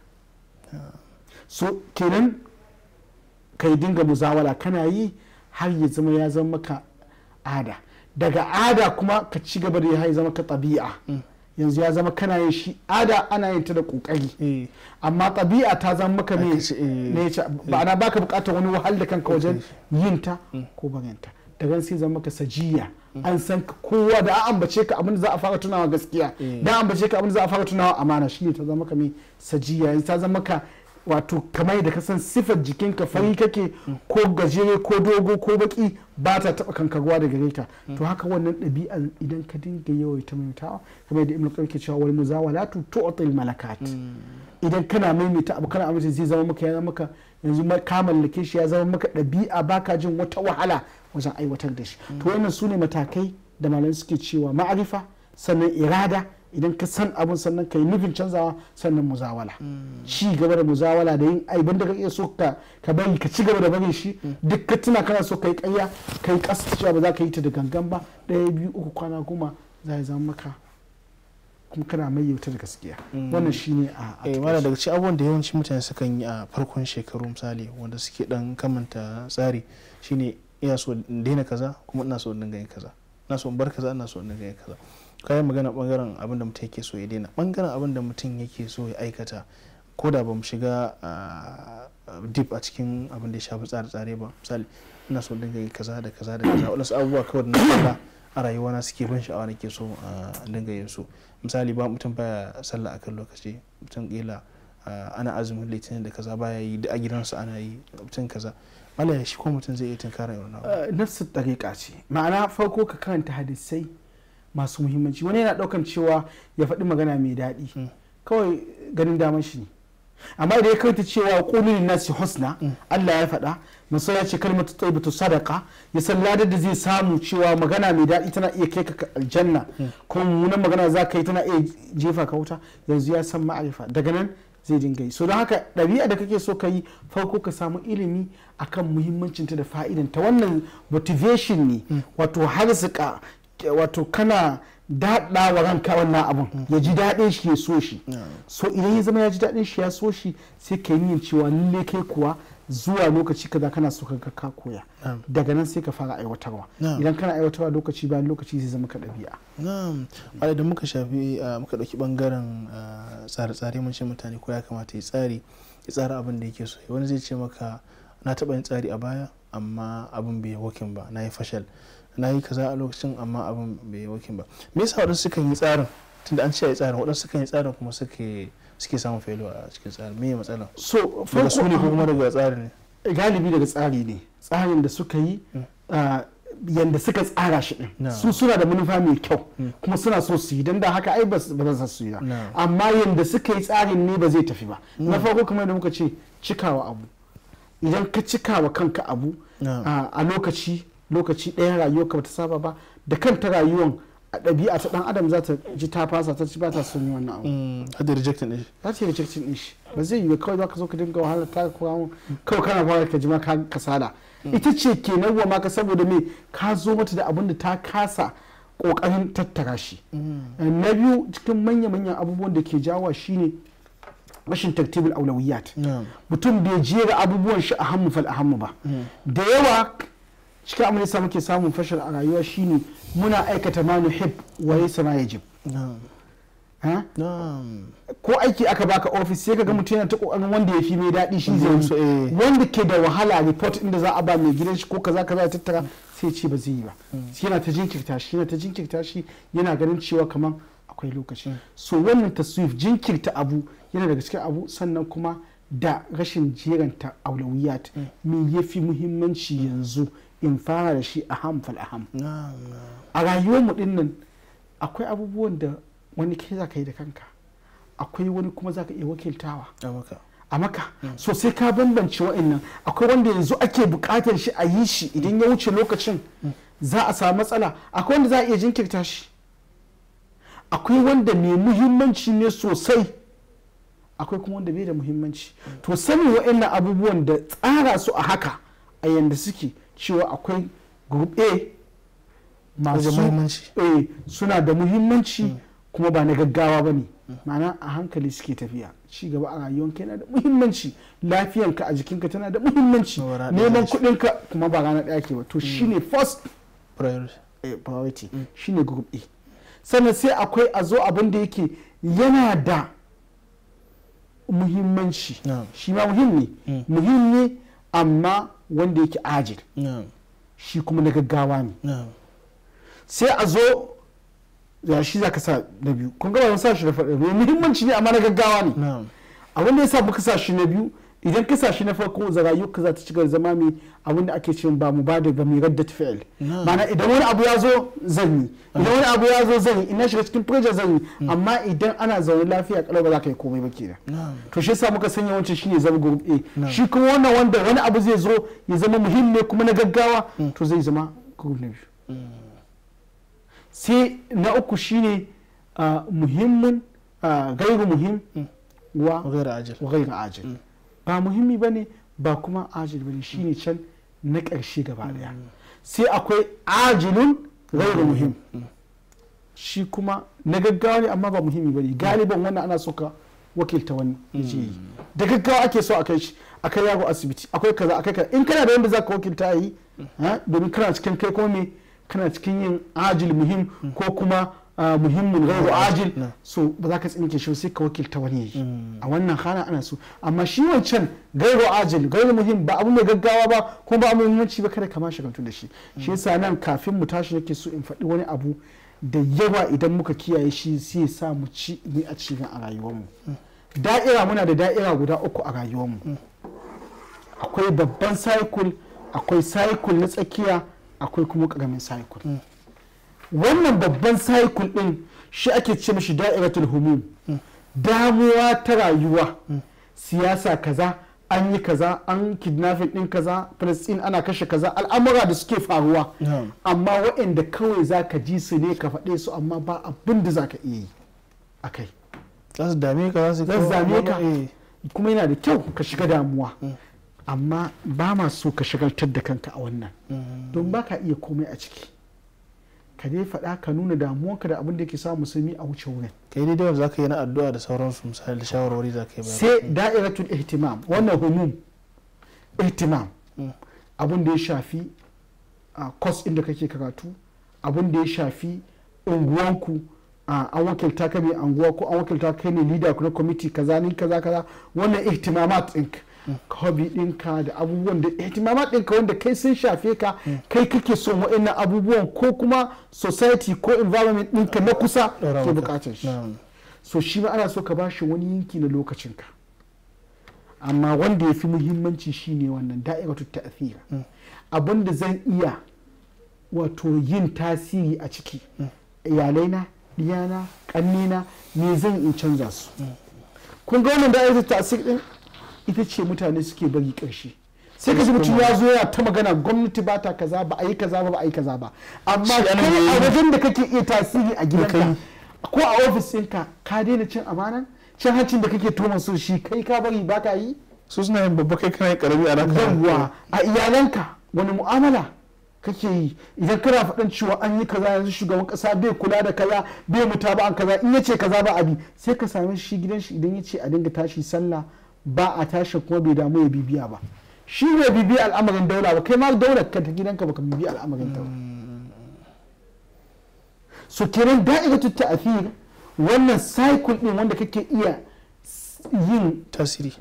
so kenan ka yi dinga muzawala kana yi har ya zama ya zama maka ada daga ada kuma ka ci gaba da ya zama ka tabi'a mm. yanzu ya zama kana yin shi ada ana yin ta da kokari eh. amma tabi'a ta zama maka ne eh. ba ana baka bukatar wani wahal da kanka wajen yin ta mm. ko barin ta daga sai zama ka sajiya mm. an san kowa da an ambace ka abin da za a fara tunawa gaskiya eh. da an ambace ka abin da za a fara tunawa amana shi ne ta zama ka mai sajiya ta zama ka wato kamar da ka san sifar jikinka fari kake ko gajere ko dogo ko baki ba ta taba kankarwa daga gare mm. to haka wannan ɗabi'a idan ka dinga yawaita maimaitawa kamar da ibnu ke cewa wal muzawalatu tu'til malakat mm. idan kana maimaita abu kana amince zai zama maka ya maka yanzu ka mallake shi ya zama maka ɗabi'a baka jin wata wahala wajen aiwatar da shi mm. to wannan su ne matakai da malamai suke cewa ma'arifa sannan irada idan ka san abun sannan ka yi nufin canzawa sannan muzawala ci gaba da muzawala da yin aibin da ka iya so ka bari ka ci gaba da bari shi duk ka tuna kana so ka yi ƙarya ka yi kasa cewa ba za ka yi ta da gangan ba ɗaya biyu uku kwana goma za ya zama maka kuma kana mai yauta da gaskiya wannan shi ne a a wanda eh, daga ci abubuwan da yawancin mutane sukan yi a farkon shekaru misali wanda suke dan kamanta tsari shine ina so in daina kaza kuma ina so in dinga yin kaza ina so in bar kaza ina so in dinga yin kaza kayan magana bangaren abin da mutum yake so ya daina bangaren abin da mutum yake so ya aikata ko da ba mu shiga ah, deep a cikin abin da ya shafi tsare-tsare ba misali ina so dinga yi kaza da kaza da kaza wadansu abubuwa kawai na kaza a rayuwana suke ban sha'awa nake so a ah, dinga yin su misali ba mutum baya sallah akan lokaci mutum kila ah, ana azumin litinin da kaza baya yi da a gidansa ana yi mutum kaza malaya shi ko mutum zai iya tunkara yau na nafsu tariƙa ce ma'ana farko ka karanta hadisai masu muhimmanci wani yana daukan cewa ya faɗi magana mai daɗi mm. kawai ganin damar shi ne amma idan ya kaita cewa kunun nasi husna mm. Allah ya faɗa musa ya ce kalmatu tayyibatu sadaqa ya san ladar da zai samu cewa magana mai daɗi tana iya kai ka aljanna mm. kuma mummunan magana za ka yi tana iya jefa ka wuta yanzu ya san ma'arifa daga nan zai dinga yi so don haka ɗabi'a da kake so ka yi farko ka samu ilimi akan muhimmancinta da fa'idanta wannan motivation ne wato harzuka wato kana daɗa wa ranka wannan abun mm. ya ji daɗin shi ya so shi so idan ya zama ya ji daɗin shi ya so shi sai ka yi cewa lalle kai kuwa zuwa lokaci kaza kana so ka ka koya daga nan sai ka fara aiwatarwa idan kana aiwatarwa lokaci bayan lokaci zai zama ka ɗabi'a wani da muka shafi muka ɗauki ɓangaren tsare-tsare mun ce mutane ko ya kamata ya tsari ya tsara abin da yake so wani zai ce maka na taɓa yin tsari a baya amma abin bai wakin ba na yi fashal na yi kaza a lokacin amma abin bai wakin ba me yasa wadansu suka yi tsarin tunda an ce yi tsarin wadansu suka yi tsarin kuma suke suke samun failure a cikin tsarin me matsala so daga su ne kuma daga tsari ne galibi daga tsari ne tsarin da suka yi mm. yanda suka tsara shi din su suna da manufa mai kyau mm. kuma suna so su yi don da haka ai ba za su yi ba amma yanda suka yi tsarin ne ba zai tafi ba na mm. farko kamar da muka ce cikawa abu idan ka cikawa kanka abu a lokaci lokaci ɗayan rayuwar ka ta saba ba da kanta rayuwan a ɗabi'a ta ɗan adam za ta ji ta fasa ta ci ba ta son yi wannan abu. Mm. a da rejectin ɗin shi. Za ta yi rejectin ɗin shi. Ba zai yi yiwu kawai ba ka zo ka dinga wahala ta kura mun kawai kana fara ka ji ma ka kasala. Mm. Ita ce ke nawwa maka saboda me ka zo mata da abin da ta kasa kokarin tattara shi. Mm. Na biyu cikin manya-manyan abubuwan da ke jawa shine rashin tartibul aulawiyat. Mutum bai jera abubuwan shi a hannu fal a hannu ba. Da yawa cikin abin da muke samun fashil a rayuwa shine muna aikata manu hip wa yasa ya jib ko aiki aka baka ofis sai ka ga mutum yana ta kokarin wanda ya fi mai daɗi shi zai so eh. wanda ke da wahala report inda za a ba mai gidan shi ko kaza kaza ya tattara sai ce ba zai yi ba mm. yana ta jinkirta shi yana ta jinkirta shi yana ganin cewa kamar akwai lokaci mm. so wannan taswif jinkirta abu yana daga cikin abu sannan kuma da rashin jeranta aulawiyat mm. me yafi muhimmanci yanzu in fara da shi a hamfal a ham a rayuwar mu dinnan akwai abubuwan da wani ke za ka yi da kanka akwai wani kuma za ka iya wakiltawa a maka so sai ka bambance wa'annan akwai wanda yanzu ake bukatar shi a yi shi idan ya wuce lokacin hmm. za a samu matsala akwai wanda za a iya jinkirta shi akwai wanda mai muhimmanci ne sosai akwai kuma wanda bai da muhimmanci hmm. to sanin wa'annan abubuwan da tsara su a haka a yanda suke cewa akwai group a masu eh, suna da muhimmanci mm. kuma ba na gaggawa ba ne mm. ma'ana a hankali suke tafiya ci gaba a rayuwanka yana da muhimmanci lafiyanka a jikinka tana da muhimmanci neman kuɗinka kuma ba rana ɗaya ke ba to mm. shine first priority eh, shine group a sannan sai akwai a zo abin da yake yana da muhimmanci shi ma muhimmi muhimmi amma wanda yake ajil shi kuma na gaggawa ne sai a zo ya shi za ka sa na biyu kun gaba sa shi da faɗi muhimmanci ne amma na gaggawa ne abin da ya sa muka sa shi na biyu idan ka shi na farko ka za ta ci zama mai abin da ake cewa ba mu ba da ba mai radda fi'il ma'ana idan wani abu ya zo zan yi idan wani abu ya zo zan yi ina shiga cikin furja zan yi hmm. amma idan ana zaune lafiya kalau ba za ka yi komai ba kenan to shi yasa muka sanya wancan shine zama group A shi kuma wannan wanda wani abu zai zo ya zama muhimmi kuma na gaggawa hmm. to zai zama group na biyu hmm. sai na uku shine ah, muhimmin ah, gairu muhim wa gairu ajil ba muhimmi ba ne ba kuma ajil ba ne shi ne can na ƙarshe gaba ɗaya sai akwai ajilun gairu muhim shi kuma na gaggawa ne amma ba muhimmi ba ne galiban wannan ana so ka wakilta wani da gaggawa ake so a kai shi a kai yago asibiti akwai kaza akai kaza in kana da wanda za ka wakilta yi domin kana cikin kai kuma me kana cikin yin ajil muhim ko kuma muhimmin gairu ajil so ba za ka tsinke shi sai ka wakilta wani a wannan hana ana so amma shi wancan gairo ajil gairo muhim ba abu mai gaggawa ba kuma ba abu muhimmanci ba kada ka ma shagaltu da shi shi yasa nan kafin mu tashi nake so in faɗi wani abu da yawa idan muka kiyaye shi sai sa mu ci ni a cikin a rayuwarmu da'ira muna da da'ira guda uku a rayuwarmu akwai babban cycle akwai cycle na tsakiya akwai kuma karamin cycle wannan babban cycle din shi ake ce mishi da'iratul humum damuwa ta rayuwa siyasa kaza an yi kaza an kidnapping din kaza palestine ana kashe kaza al'amura da suke faruwa amma wa'anda kawai za ka ji su ne ka faɗe su amma ba abin da za ka iya yi a kai za dame ka za dame ka eh. kuma yana da kyau ka shiga damuwa mm. amma ba masu so ka shagaltar da kanka a wannan mm. don ba ka iya komai a ciki ka dai faɗa ka nuna damuwarka da abin da ke sa musulmi a wuce wurin kai dai da za ka yi na addu'a da sauransu misali da shawarwari za ka yi sai da'iratul ihtimam wannan humum ihtimam hmm. abin da ya shafi a kwas inda kake karatu abin da ya shafi unguwanku an wakilta ka mai anguwa ko an wakilta ka ne leader na kwamiti kaza ni kaza kaza wannan ihtimamat ɗinka hobby ɗinka da abubuwan da ihtimama ɗinka wanda kai sun shafe ka kai kake so wa'annan abubuwan ko kuma society ko environment ɗinka na kusa ke bukatar shi so shi ma ana so ka ba shi wani yanki na lokacinka amma wanda ya fi muhimmanci shi ne wannan da'iratu ta'thira mm. abin da zan iya wato yin tasiri a ciki mm. iyalaina diyana kannina me zan in canza su mm. kun ga wannan da'iratu ta'thir ita ce mutane suke bari ƙarshe sai ka mutum ya zo ya ta magana gwamnati ba ta kaza ba a yi kaza ba ba a yi kaza ba amma kai a wajen da kake iya tasiri a gidanka ko a ofis ɗinka ka daina cin amana cin hancin da kake toma so shi kai ka bari ba ka yi su suna yin babba kai kana yin karami a ranka yawa a iyalanka wani mu'amala kake yi idan kana faɗin cewa an yi kaza yanzu shugaban ƙasa bai kula da kaza bai an kaza in ya ce kaza ba abi sai ka same shi gidan shi idan yace a dinga tashi sallah ba a tashi kuma bai damu ya bibiya ba shi ne bibiya al'amarin daula ba kai ma daular ka ta gidanka baka bibiya al'amarin daula so kenan da'iratu ta'athir wannan cycle din wanda kake iya yin tasiri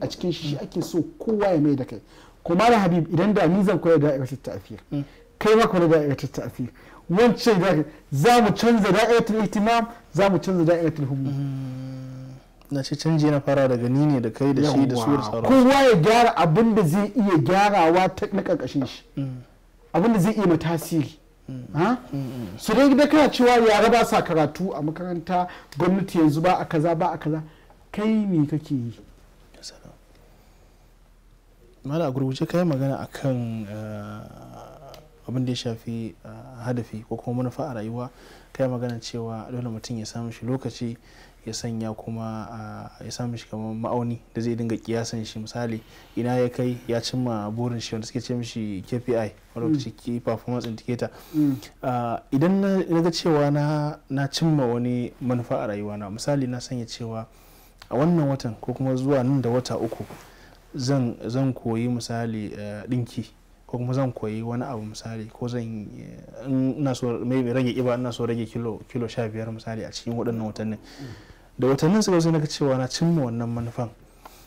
a cikin shi ake so kowa ya mai da kai kuma da habib idan da ni da'ira tutta a fiye kai ma tutta a fiye wancan za mu canza da'iratul ihtimam za mu canza da'iratul hummu mm. na ce canji na fara daga ni ne da kai da shi da su da sauransu kowa ya gyara abin da zai iya gyarawa ta na karkashin shi mm. abin da zai iya ma tasiri mm. mm, su dai da kana cewa yara ba sa karatu a makaranta gwamnati yanzu ba a kaza ba a kaza kai me kake yi mala a gurguje kai magana kan eh, abin da ya shafi eh, hadafi ko kuma manufa a rayuwa kai magana cewa dole mutum ya samu shi lokaci ya sanya kuma ya samu shi kamar ma'auni da zai dinga kiyasan shi misali ina ya kai ya cimma burin shi wanda suke ce mishi kpi wani lokaci mm. key performance indicator mm. idan na ga cewa na cimma wani manufa a rayuwana misali na sanya cewa a wannan watan ko kuma zuwa nan da wata uku zan koyi misali dinki eh, ko kuma zan koyi wani abu misali ko zan eh, ina so rage kiba ina so rage kilo kilo 15 misali a cikin waɗannan watannin mm. da watannin suka sai na cewa na cimma wannan manufan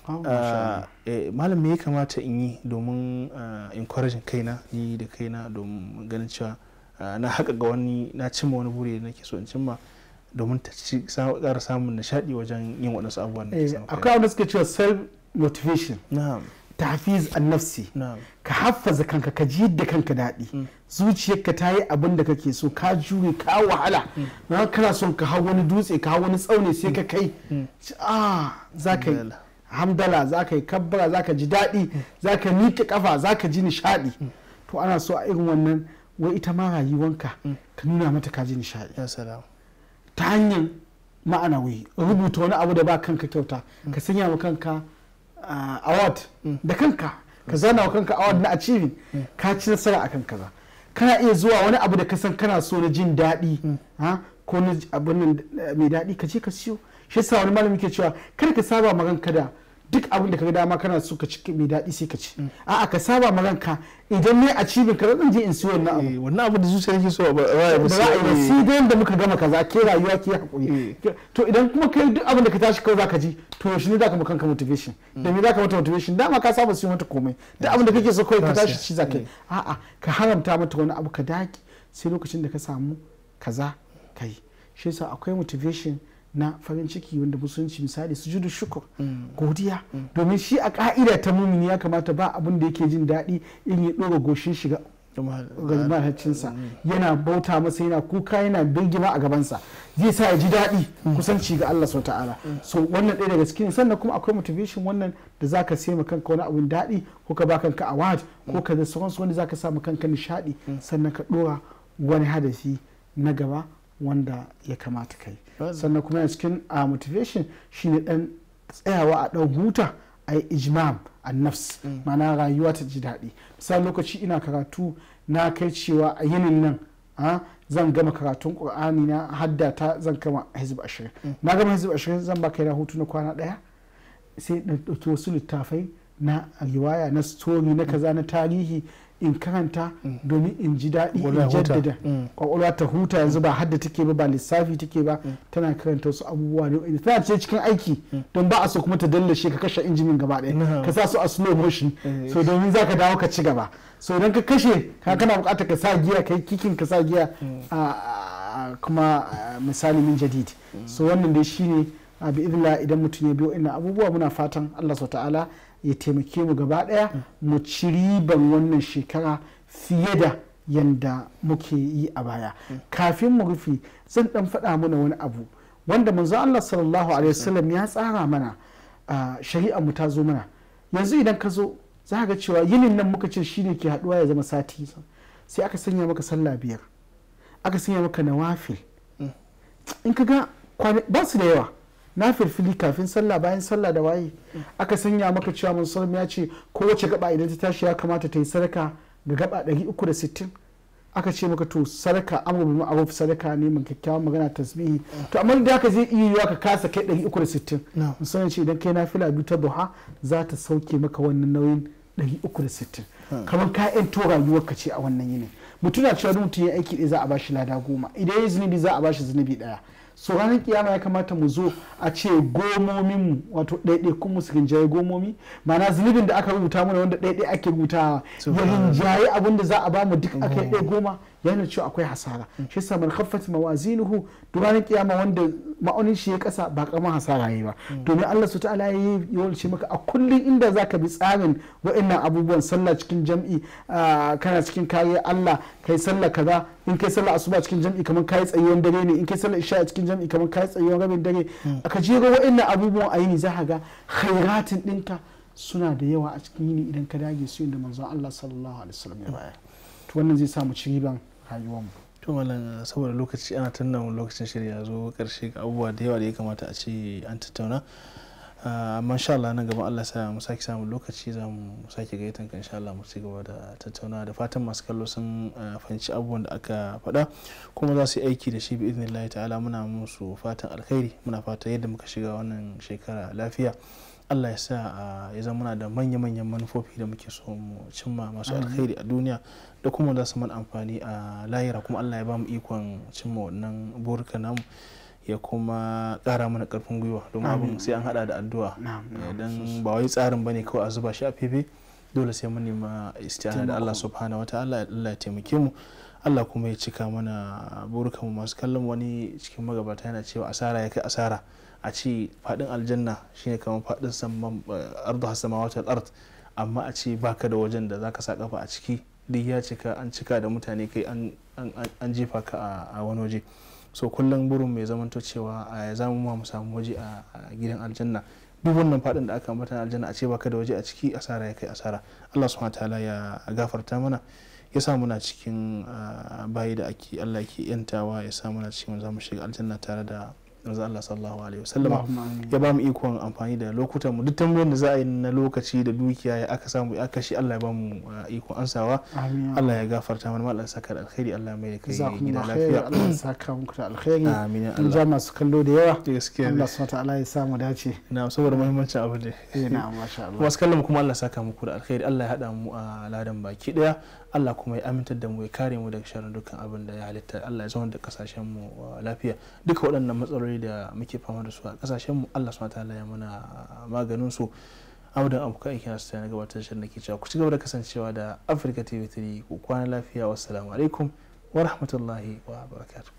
oh, ah, eh, malam me ya kamata in yi domin ah, encouraging kaina ni da kaina domin ganin cewa ah, na haka ga wani na cimma wani buri da nake so in cimma domin ta ci ƙara samun nishaɗi wajen yin waɗansu abubuwan da ke eh, samu akwai abin da suke cewa self motivation tafiz annafsi ka haffaza kanka ka ji da kanka daɗi hmm. zuciyarka ta yi abin da kake so ka jure ka wahala hmm. na kana son ka hau wani dutse ka hau wani tsaune sai ka hmm. kai a ah, za ka yi hamdala za ka yi kabbara za ka ji daɗi za ka miƙe kafa za ka ji nishaɗi to ana so a irin wannan wai ita ma rayuwanka ka nuna mata ka ji nishaɗi ta hanyar ma'ana wai rubuta wani abu da ba kanka kyauta ka sanya wa kanka Uh, award da kanka ka zana wa kanka award na achieving ka ci nasara akan kaza kana iya zuwa wani abu da ka san kana so na jin daɗi ko na abin eh, mai daɗi ka ce ka siyo shi yasa wani malami ke cewa kar ka saba maganka da duk abin da ka dama kana so ka ci mai daɗi sai ka ci a'a ka saba ma ranka idan ne a cibin ka zan je in siyo wannan abu eh, wannan abu da zuciya yake so ba ba ba sai dai da muka gama kaza ke rayuwa ke hakuri eh. to idan kuma kai duk abin da ka tashi kawai zaka ji to shi ne zaka maka kanka motivation mm. da me zaka mata motivation dama ka saba su mata komai duk abin da kake so kawai ka tashi ci zaka eh. a'a ka haramta mata wani abu ka daki sai lokacin da ka samu kaza kai shi yasa akwai motivation na farin ciki wanda musulunci misali su judu shukur mm. godiya mm. domin shi a ka'ida ta mumini ya kamata ba abin da yake jin daɗi in ya ɗora goshin shiga mahaicinsa mm. yana bauta masa yana kuka yana birgima a gabansa zai sa ya ji daɗi kusanci ga Allah sau ta'ala so wannan ɗaya daga cikin sannan kuma akwai motivation wannan da za zaka sai kanka wani abin daɗi ko ka ba kanka award ko ka zai sauransu wanda ka sa kanka nishaɗi sannan ka ɗora wani hadasi na gaba wanda ya kamata kai sannan kuma yana cikin a ah, motivation shine dan tsayawa a dan huta a yi ijimam a nafs mana mm. rayuwa ta ji daɗi misali lokaci ina karatu na kai cewa a yinin nan ah, zan gama karatun ƙur'ani na haddata zan gama hizib ashirin mm. na gama hizib ashirin zan ba kaina hutu na kwana ɗaya sai ɗauki wasu littafai na riwaya na story na kaza na tarihi in karanta mm. domin in ji daɗi in jaddada kwakwalwa mm. ta huta yanzu ba hadda take ba ba lissafi take ba mm. tana karanta wasu abubuwa ne tana ce cikin aiki don ba a so kuma ta dallashe ka kashe injimin gaba ɗaya ka sa su a slow motion eh. so domin za ka dawo ka ci gaba so idan ka kashe ka kana buƙatar ka sa giya kai kikin ka sa giya kuma misali min jadid so wannan dai shine a idan mutum ya biyo ina abubuwa muna fatan Allah ta'ala ya taimake mu gaba ɗaya mu ci riban wannan shekara fiye da yanda muke yi a baya kafin mu rufe zan dan faɗa mana wani abu wanda manzo Allah sallallahu alaihi wasallam ya tsara mana shari'a mu ta zo mana yanzu idan ka zo za ga cewa yinin nan muka ce shine ke haduwa ya zama sati sai aka sanya maka sallah biyar aka sanya maka nawafil in ka ga ba su da yawa na firfili kafin sallah bayan sallah da waye aka sanya maka cewa mansalm ya ce kowace gaba idan ta tashi ya kamata ta yi sadaka ga gaba 360 aka ce maka to sadaka mu bil sadaka ne mun kyakkyawan magana tasbihi to amma da ka zai iya yiwa ka kasa kai 360 musamman ce idan kai nafila biyu ta duha za ta sauke maka wannan nauyin 360 kamar ka rayuwar ka ce a wannan yini mutum na cewa mutum ya aiki ɗaya za a bashi lada goma idan ya zunubi za a bashi zunubi ɗaya so ranar kiyama ya kamata mu zo a ce gomominmu wato ɗaiɗaikun mu su rinjaye gomomi mana zunubin da aka rubuta mana wanda ɗaiɗai ake rubutawa ya rinjaye abin da za a ba mu duk aka yi goma ya cewa akwai hasara mm. shi yasa man khaffat mawazinuhu duk ranar kiyama wanda ma'aunin shi ya kasa ba kamar hasara yayi ba mm. domin Allah su ta'ala ya yi walce maka a kullum inda zaka bi tsarin wa'annan abubuwan sallah cikin jam'i ah, kana cikin kariyar Allah kai sallah kaza in kai sallah asuba cikin jam'i kamar kai tsayen dare ne in kai sallah isha a cikin jam'i kamar kai tsayen rabin dare a hmm. ka jero wa'annan abubuwan a yini za ka ga khairatin dinka suna da yawa a cikin yini idan ka dage su inda manzon Allah sallallahu alaihi wasallam ya baya to wannan zai samu ci riban rayuwarmu to saboda lokaci ana tunanin lokacin shirya zo karshe ga abubuwa da yawa da ya kamata a ce an tattauna Ah, amma sha Allah nan gaban Allah sa mu sake samun lokaci za mu sake gaitan ka insha Allah mu ci gaba da tattaunawa da fatan masu kallo sun ah, fahimci abubuwan da aka faɗa kuma za su yi aiki da shi bi idnillahi ta'ala muna musu fatan alkhairi muna fata yadda muka shiga wannan shekara lafiya allah ya sa ah, ya zama muna da manya-manyan manufofi da muke so mu cimma masu alkhairi a duniya da kuma za su man amfani a lahira kuma allah ya ba mu ikon cimma wannan burka namu ya kuma ƙara mana karfin gwiwa don abin sai an hada da addu'a eh, don ba wai tsarin bane kawai a zuba shi a fifi dole sai mun nema istiyana da Allah subhanahu wa ta'ala Allah ya taimake mu Allah kuma ya cika mana burukan masu kallon wani cikin magabata yana cewa asara ya kai asara a ce fadin aljanna shine kamar fadin samman eh, ardu hasamawati al-ard amma a ce baka da wajen da zaka sa kafa a ciki duk ya cika an cika da mutane kai an jefa ka a wani waje so kullum burin mai zamanto cewa a zamu ma mu samu waje a gidan aljanna duk wannan fadin da aka ambata aljanna a ce baka da waje a ciki asara ya kai asara Allah subhanahu ta'ala ya gafarta mana ya sa muna cikin bayi da ake Allah ke yantawa ya sa muna cikin zamu shiga aljanna tare da manzo Allah sallallahu alaihi wasallama ya ba mu ikon amfani da lokutan mu duk tambayar da za a yi na lokaci da dukiya ya aka samu ya aka shi Allah ya ba mu uh, ikon ansawa Allah ya gafarta mana Allah saka da alkhairi Allah mai da kai gida lafiya Allah saka muku da alkhairi amin Allah ja masu kallo da yawa Allah subhanahu ta'ala ya sa mu dace na saboda muhimmancin abu ne eh, na'am masha Allah wasu kallon kuma Allah saka muku da alkhairi Allah ya hada mu a uh, ladan baki daya Allah kuma ya amintar da mu ya kare mu daga sharin dukkan abin da ya halitta Allah ya zama da kasashen mu uh, lafiya duka waɗannan matsaloli da muke fama da su a kasashen mu Allah subhanahu wataala ya mana uh, maganin su amudan abokan aiki na su na gabatar shirin da ke cewa ku ci gaba da kasancewa da Africa TV 3 ku kwana lafiya wassalamu alaikum wa rahmatullahi wa barakatuh